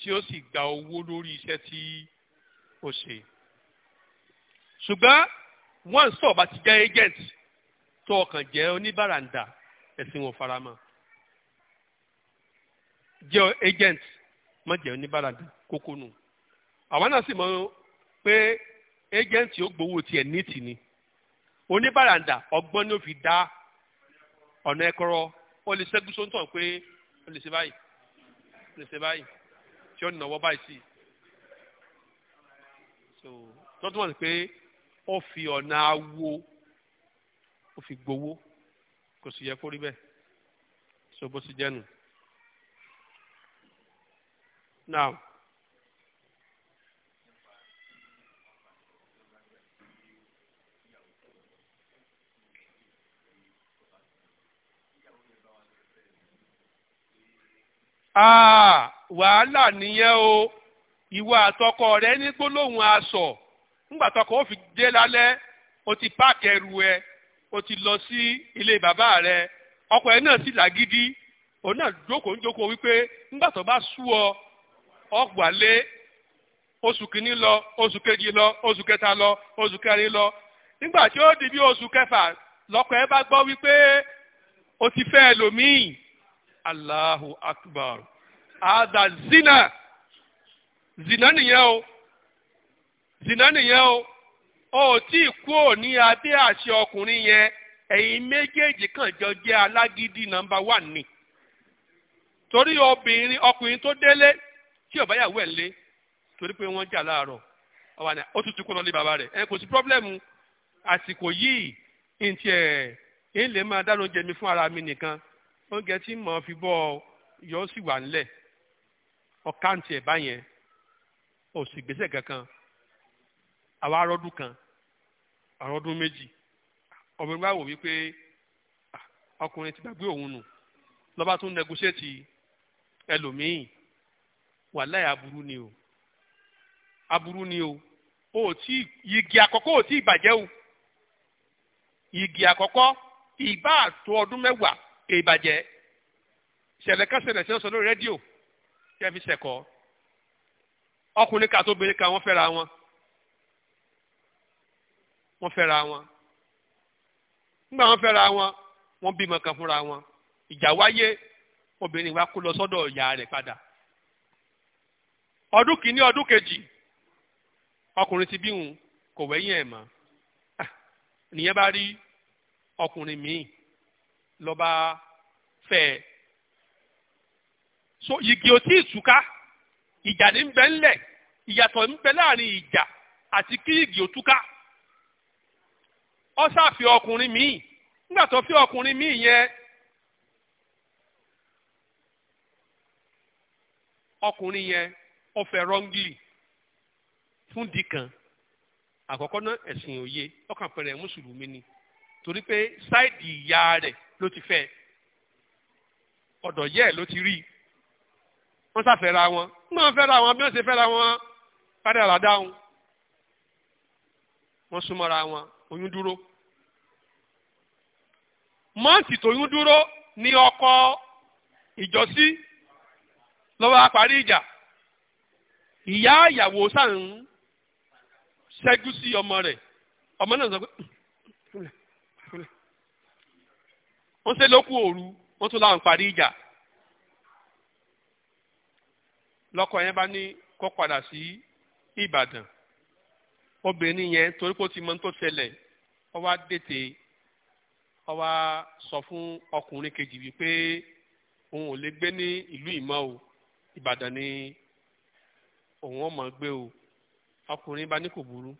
tí ó sì gba owó lórí iṣẹ́ tí ó ṣe. ṣùgbọ́n once tó bá ti jẹ́ agent tó ọkàn jẹ́ oníbàràǹdà ẹ̀sìn wọn faramọ́ jẹ́ agent má jẹ́ oníbàràǹdà kókó nù. àwọn náà sì mọ̀ pé agent ó gbowó tiẹ̀ ní tì ni oníbàràǹdà ọgbọ́n ni ó fi dá ọ̀nà ẹ̀kọ́rọ́ ó lè ṣẹ́gun sóńtàn pé ó lè ṣe báyìí ó lè ṣe báyìí tí ó nàwọ́ báyìí sí so tó túmọ̀ sí pé ó fi ọ̀nà awo ó fi gbowó kò sì yẹ kó rí bẹ́ẹ̀ so bó sì jẹ́nu. now Ah, wàhálà nìyẹn o ìwọ àtọkọ rẹ ní gbólóhùn aṣọ ńgbà tọkọ ó fi dé o ti páàkì ẹrù ẹ o ti lọ sí ilé bàbá rẹ ọkọ ẹ náà sì làgídí òun náà jókòó jókòó wípé ńgbà bá sú ọ o oṣù kìíní lọ oṣù kejì lọ oṣù kẹta lọ oṣù kẹrin lọ nígbà tí ó di bí oṣù kẹfà lọkọ ẹ bá gbọ wípé o ti Akbar. àdà zina zina nìyẹn o zina nìyẹn o ò tí kúrò ní abẹ́ àṣẹ ọkùnrin yẹn ẹ̀yin méjèèjì kàn jọ jẹ́ alágídí nọ́mbà wàn ni torí obìnrin ọkùnrin tó délé tí ò bá yàwó ẹ̀ lé torí pé wọ́n jà láàárọ̀ ọba ni ó tutù kó lọ lé bàbá rẹ̀ ẹ kò sí pírọ́blẹ́mù àsìkò yìí ntí ẹ̀ ẹ̀ ń lè máa dáná oúnjẹ mi fún ara mi nìkan oúnjẹ tí mò fi bọ́ ọ yọ ó wà ńlẹ̀ ọ̀káǹtì ẹ̀ báyẹn ò sì gbèsè kankan àwa arọ́dún kan àrọ́dún méjì ọmọ ẹgbẹ́ àwò wípé ọkùnrin ti gbàgbé òun nù lọ́ba tún nẹgúṣẹ́ẹ̀tì ẹlòmíì wàláhì aburú ni o aburú ni o o tí igi àkọ́kọ́ ò tí ì bàjẹ́ o igi àkọ́kọ́ ìbá àtọ́ ọdún mẹ́wàá èèbàjẹ́ ìṣẹ̀lẹ̀ kásẹ̀lẹ̀ ṣe sọ lórí rédíò kẹ́ fi ṣẹ̀kọ́ ọkùnrin kan àtobìnrin kan wọ́n fẹ́ra wọn wọ́n fẹ́ra wọn nígbà wọ́n fẹ́ra wọn wọ́n bímọ kan fúnra wọn ìjà wáyé obìnrin wa kó lọ sọ́dọ̀ ìyá rẹ̀ padà ọdún kìíní ọdún kejì ọkùnrin ti bí òun kò wẹ́yìn ẹ̀ mọ́ ah, nìyẹn bá rí ọkùnrin míì lọ́ba fẹ́ so yìgì ò tí ì túká ìjà ní ń bẹ ńlẹ̀ ìyàtọ̀ ń bẹ láàrin ìjà àti kí yìgì ò túká ó ṣàfi ọkùnrin míì nígbà tó fi ọkùnrin míì yẹn ọkùnrin yẹn ó fẹ́ wrongly fún dìkan àkọ́kọ́ náà ẹ̀sìn òye ọkàn pẹ̀rẹ̀ mùsùlùmí ni torí pé sáìdì ìyá rẹ̀ ló ti fẹ́ ọ̀dọ̀ yẹ́ ló ti rí i wọ́n ṣàfẹ́ra wọn wọ́n fẹ́ra wọn bí wọ́n ṣe fẹ́ra wọn padà rà dáhùn wọ́n súnmọ́ra wọn oyún dúró mọ́ǹtì tóyún dúró ní ọkọ ìjọsí lọ́wọ́ àparí ìjà ìyá ìyàwó sàn ṣẹ́jú sí ọmọ rẹ̀ ọmọ náà sọ pé wọ́n ṣe lókù òru wọ́n tún láwọn parí ìjà lọ́kọ yẹn bá ní kó padà sí Ìbàdàn obìnrin yẹn torí pé ti mọ tó ṣẹlẹ̀ ó wá dètè ó wá sọ fún ọkùnrin kejì wípé òun ò lè gbé ní ìlú ìmọ̀ o Ìbàdàn ni òun ọmọ gbé o ọkùnrin bá ní kò burú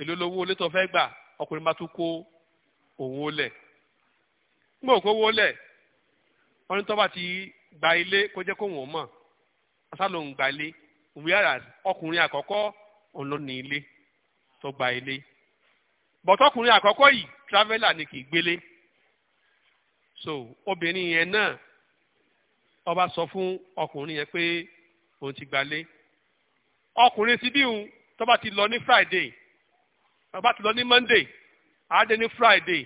èló lówó ilé tó fẹ́ gbà ọkùnrin bá tún kó òun ó lẹ̀ nígbà òkú owó lẹ̀ wọ́n ní tó bá ti gba ilé kó jẹ́ kó wọ́n mọ̀ asálòhùn gbalé wíyàrá ọkùnrin àkọ́kọ́ òun ló ní ilé tó gba ilé bọ̀tọ́kùnrin àkọ́kọ́ yìí traveller ni kì í gbélé so obìnrin yẹn náà ọba sọ fún ọkùnrin yẹn pé òun ti gbalé ọkùnrin síbí òun tó ti lọ ní Friday tó bá ti lọ ní Monday àádé ní Friday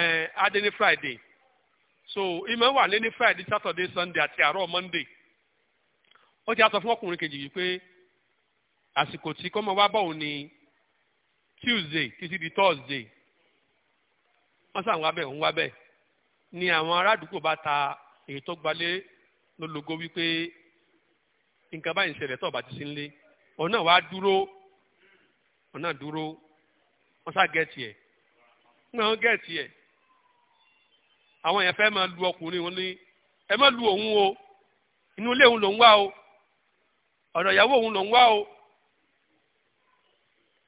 ẹ̀ àádé ní Friday so ìmọ̀ wà lé ní friday saturday sunday àti àárọ̀ monday ó ti sọ fún ọkùnrin kejì yìí pé àsìkò tí kọ́mọ wá bọ̀ òun ni tuesday títí di thursday wọ́n sàn wá bẹ́ẹ̀ òun wá bẹ́ẹ̀ ni àwọn arádùúgbò bá ta èyí tó gbalé lólogo wípé nǹkan báyìí ń ṣẹlẹ̀ tó ọ̀bà ti sí ń lé òun náà wá dúró òun náà dúró wọ́n sá gẹ̀ẹ́tì ẹ̀ ń gbọ́n gẹ̀ẹ́tì ẹ̀ àwọn èèyàn fẹ́ máa lu ọkùnrin òun ní ẹ má lu òun o inú ilé òun lòún wá o ọ̀dọ̀ ìyàwó òun lòún wá o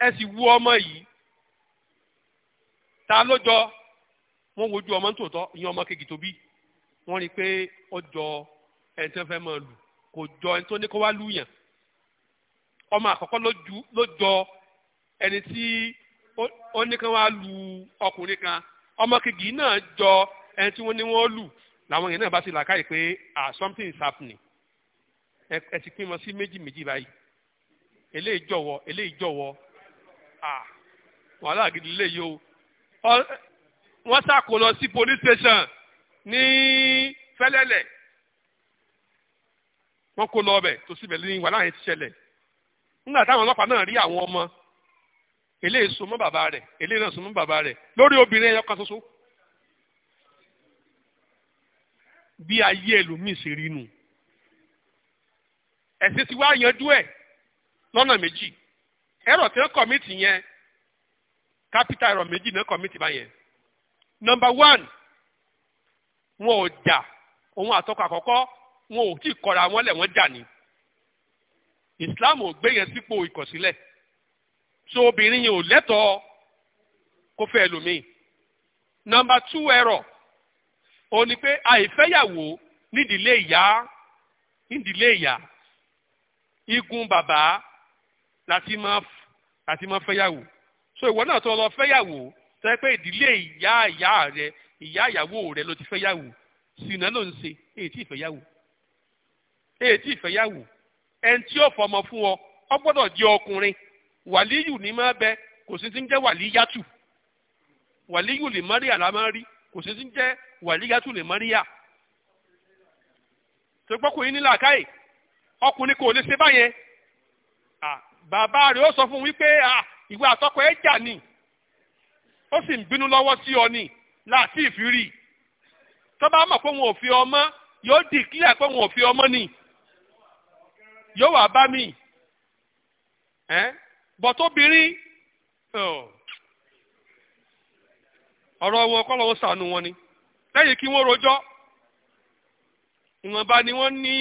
ẹ sì wú ọmọ yìí ta ló jọ wọ́n wojú ọmọ nítòótọ́ ìyẹn ọmọ kejì tó bí rí i pé ó jọ ẹni tó fẹ́ máa lù kò jọ ẹni tó ní kó wá lùyàn ọmọ àkọ́kọ́ ló jọ ẹni tí ó ní kó wá lu ọkùnrin kan ọmọ kejì náà jọ ẹni tí wọ́n ní wọ́n lù làwọn yẹn náà bá ti làákàyè pé ah something is happening ẹ ti pín wọn sí méjì méjì báyìí eléyìí jọ̀wọ́ eléyìí jọ̀wọ́ ah wàhálà gidi léyìí o wọ́n sàkó lọ sí police station ní fẹ́lẹ́lẹ̀ wọ́n kó lọ ọbẹ̀ tó síbẹ̀ ní wàhálà yẹn ti ṣẹlẹ̀ nígbà táwọn ọlọ́pàá náà rí àwọn ọmọ eléyìí so mọ́ bàbá rẹ̀ eléyìí náà so mọ́ bàbá rẹ̀ lórí obìnrin ẹyọ kan ṣoṣo bí ayé ẹlòmíì ṣe rí nu ẹ̀sìn ti wá yanjú ẹ̀ lọ́nà méjì ẹ̀rọ tí wọ́n kọ̀mìtì yẹn kápítà ẹ̀rọ méjì náà kọ̀mìtì báyẹn nọmba one wọn ò jà òun àtọkọ àkọ́kọ́ wọn ò tí ì kọra wọn lẹ̀ wọ́n jà ní ìsìláàmù ò gbé yẹn sípò ìkọ̀sílẹ̀ so obìnrin yẹn ò lẹ́tọ̀ọ́ kó fẹ́ lómi nọmba two ẹ̀rọ ó ní pé àìfẹ́yàwó nídìílé ìyá nídìílé ìyá igun bàbá láti máa láti máa fẹ́yàwó so ìwọ náà tó lọ fẹ́yàwó tẹ́ pé ìdílé ìyá ìyá rẹ ìyá ìyàwó rẹ ló ti fẹ́yàwó sìnà ló ń ṣe èyí tí ìfẹ́yàwó èyí tí ìfẹ́yàwó ẹni tí yóò fọmọ fún ọ ọ gbọ́dọ̀ jẹ́ ọkùnrin wàlíyù ní máa bẹ kò sí ti ń jẹ́ wàlíyàtù wàlíyù lè má rí àlámá rí kò sí ti ń jẹ́ wàlíyàtú lè mọ́ríyà tó gbọ́kùn yín nílà káyì ọkùnrin kò lè ṣe báyẹn bàbá rẹ̀ ó sọ fún wípé ìwé àtọkọ ẹ̀ jà ni ó sì ń bínú lọ́wọ́ sí ọ ni láti ìfìrí tó bá mọ̀ pé wọn ò fi ọmọ yóò dì kílẹ̀ pé wọn ò fi ọmọ ni yóò wá bá mi bọ̀tóbìnrin ọ̀rọ̀ wọn kọ́ lọ́wọ́ sànú wọn ni. lẹ́yìn kí wọ́n rojọ́ ìwọ̀nba ni wọ́n ní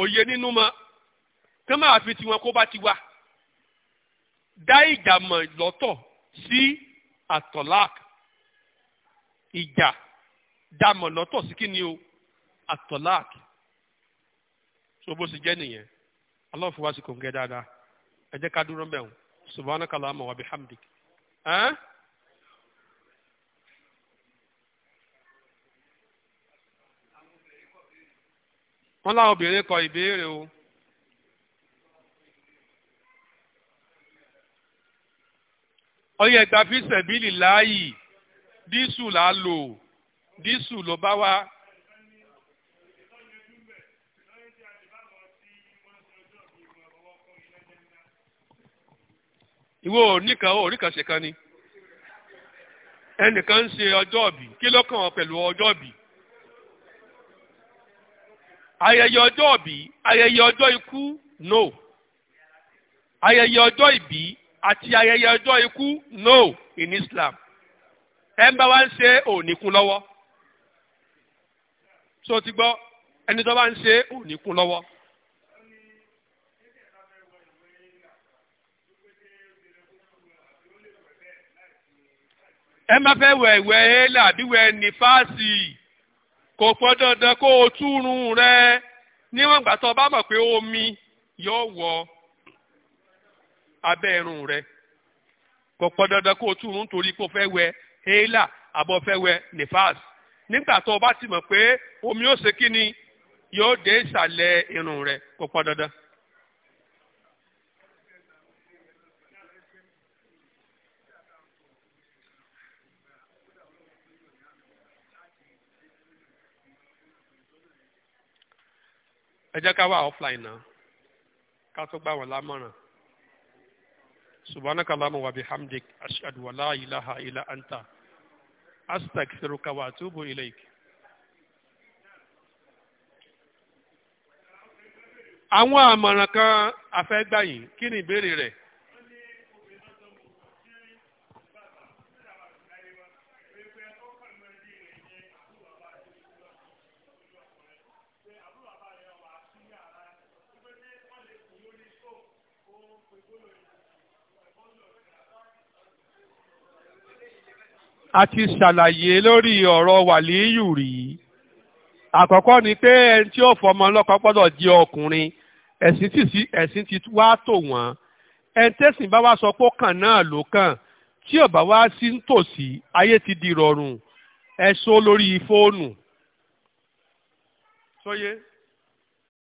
òye nínú mọ́ fi tiwọn kó bá ti wá dá ìjà mọ̀ lọ́tọ̀ sí àtọ̀lák ìjà dá mọ̀ o so bó ṣe jẹ́ nìyẹn Allah fún wa sí kò ń gẹ́ dáadáa ẹ jẹ́ wọ́n láwọn obìnrin kọ ìbéèrè o. ọyẹ ẹgbà fi sẹ̀bílì láàyè dísù là á lò dísù ló bá wá. ìwọ oníkan oríkan ṣèkan ni ẹnìkan ń ṣe ọjọ́ ìbí kí ló pẹ̀lú ọjọ́ ìbí ayẹyẹ ọjọ́ ìbí ayẹyẹ ọjọ́ ikú no ayẹyẹ ọjọ́ ìbí àti ayẹyẹ ọjọ́ ikú no in Islam ẹ ń bá wa ń ṣe òníkun lọ́wọ́ so ti gbọ́ ẹni tó bá ń ṣe òníkun lọ́wọ́. ẹ má fẹ́ wẹ̀ ìwẹ̀ ẹ́ làbí wẹ̀ ní fáàsì. kò pọn dandan kó o túrun rẹ níwọ̀n ìgbà tó o omi yóò wọ abẹ́ irun rẹ kò pọn dandan kó o túrun torí nefas nígbà tó o bá ti omi ó ṣe kí ni yóò dé ìsàlẹ̀ irun rẹ kò ẹ jẹ́ ká wà offline náà ká tó gbà wọ́n lámọ̀ràn. subhanaka allahumma wa bihamdik ashhadu an la ilaha illa anta astaghfiruka wa atubu ilaik. àwọn àmọ̀ràn kan afẹ́gbà yìí kí ni ìbéèrè rẹ̀? a ti ṣàlàyé lórí ọ̀rọ̀ wàlíyù rí àkọ́kọ́ ni pé ẹni tí ó fọmọ ọlọ́kọ gbọ́dọ̀ jẹ́ ọkùnrin ẹ̀sìn ti sí ẹ̀sìn ti wá tò wọ́n ẹni tẹ́sìn bá wá sọ pé ó kàn náà ló kàn tí ò wá sí nítòsí ayé ti di rọrùn ẹ lórí fóònù. sọyé. So, yeah.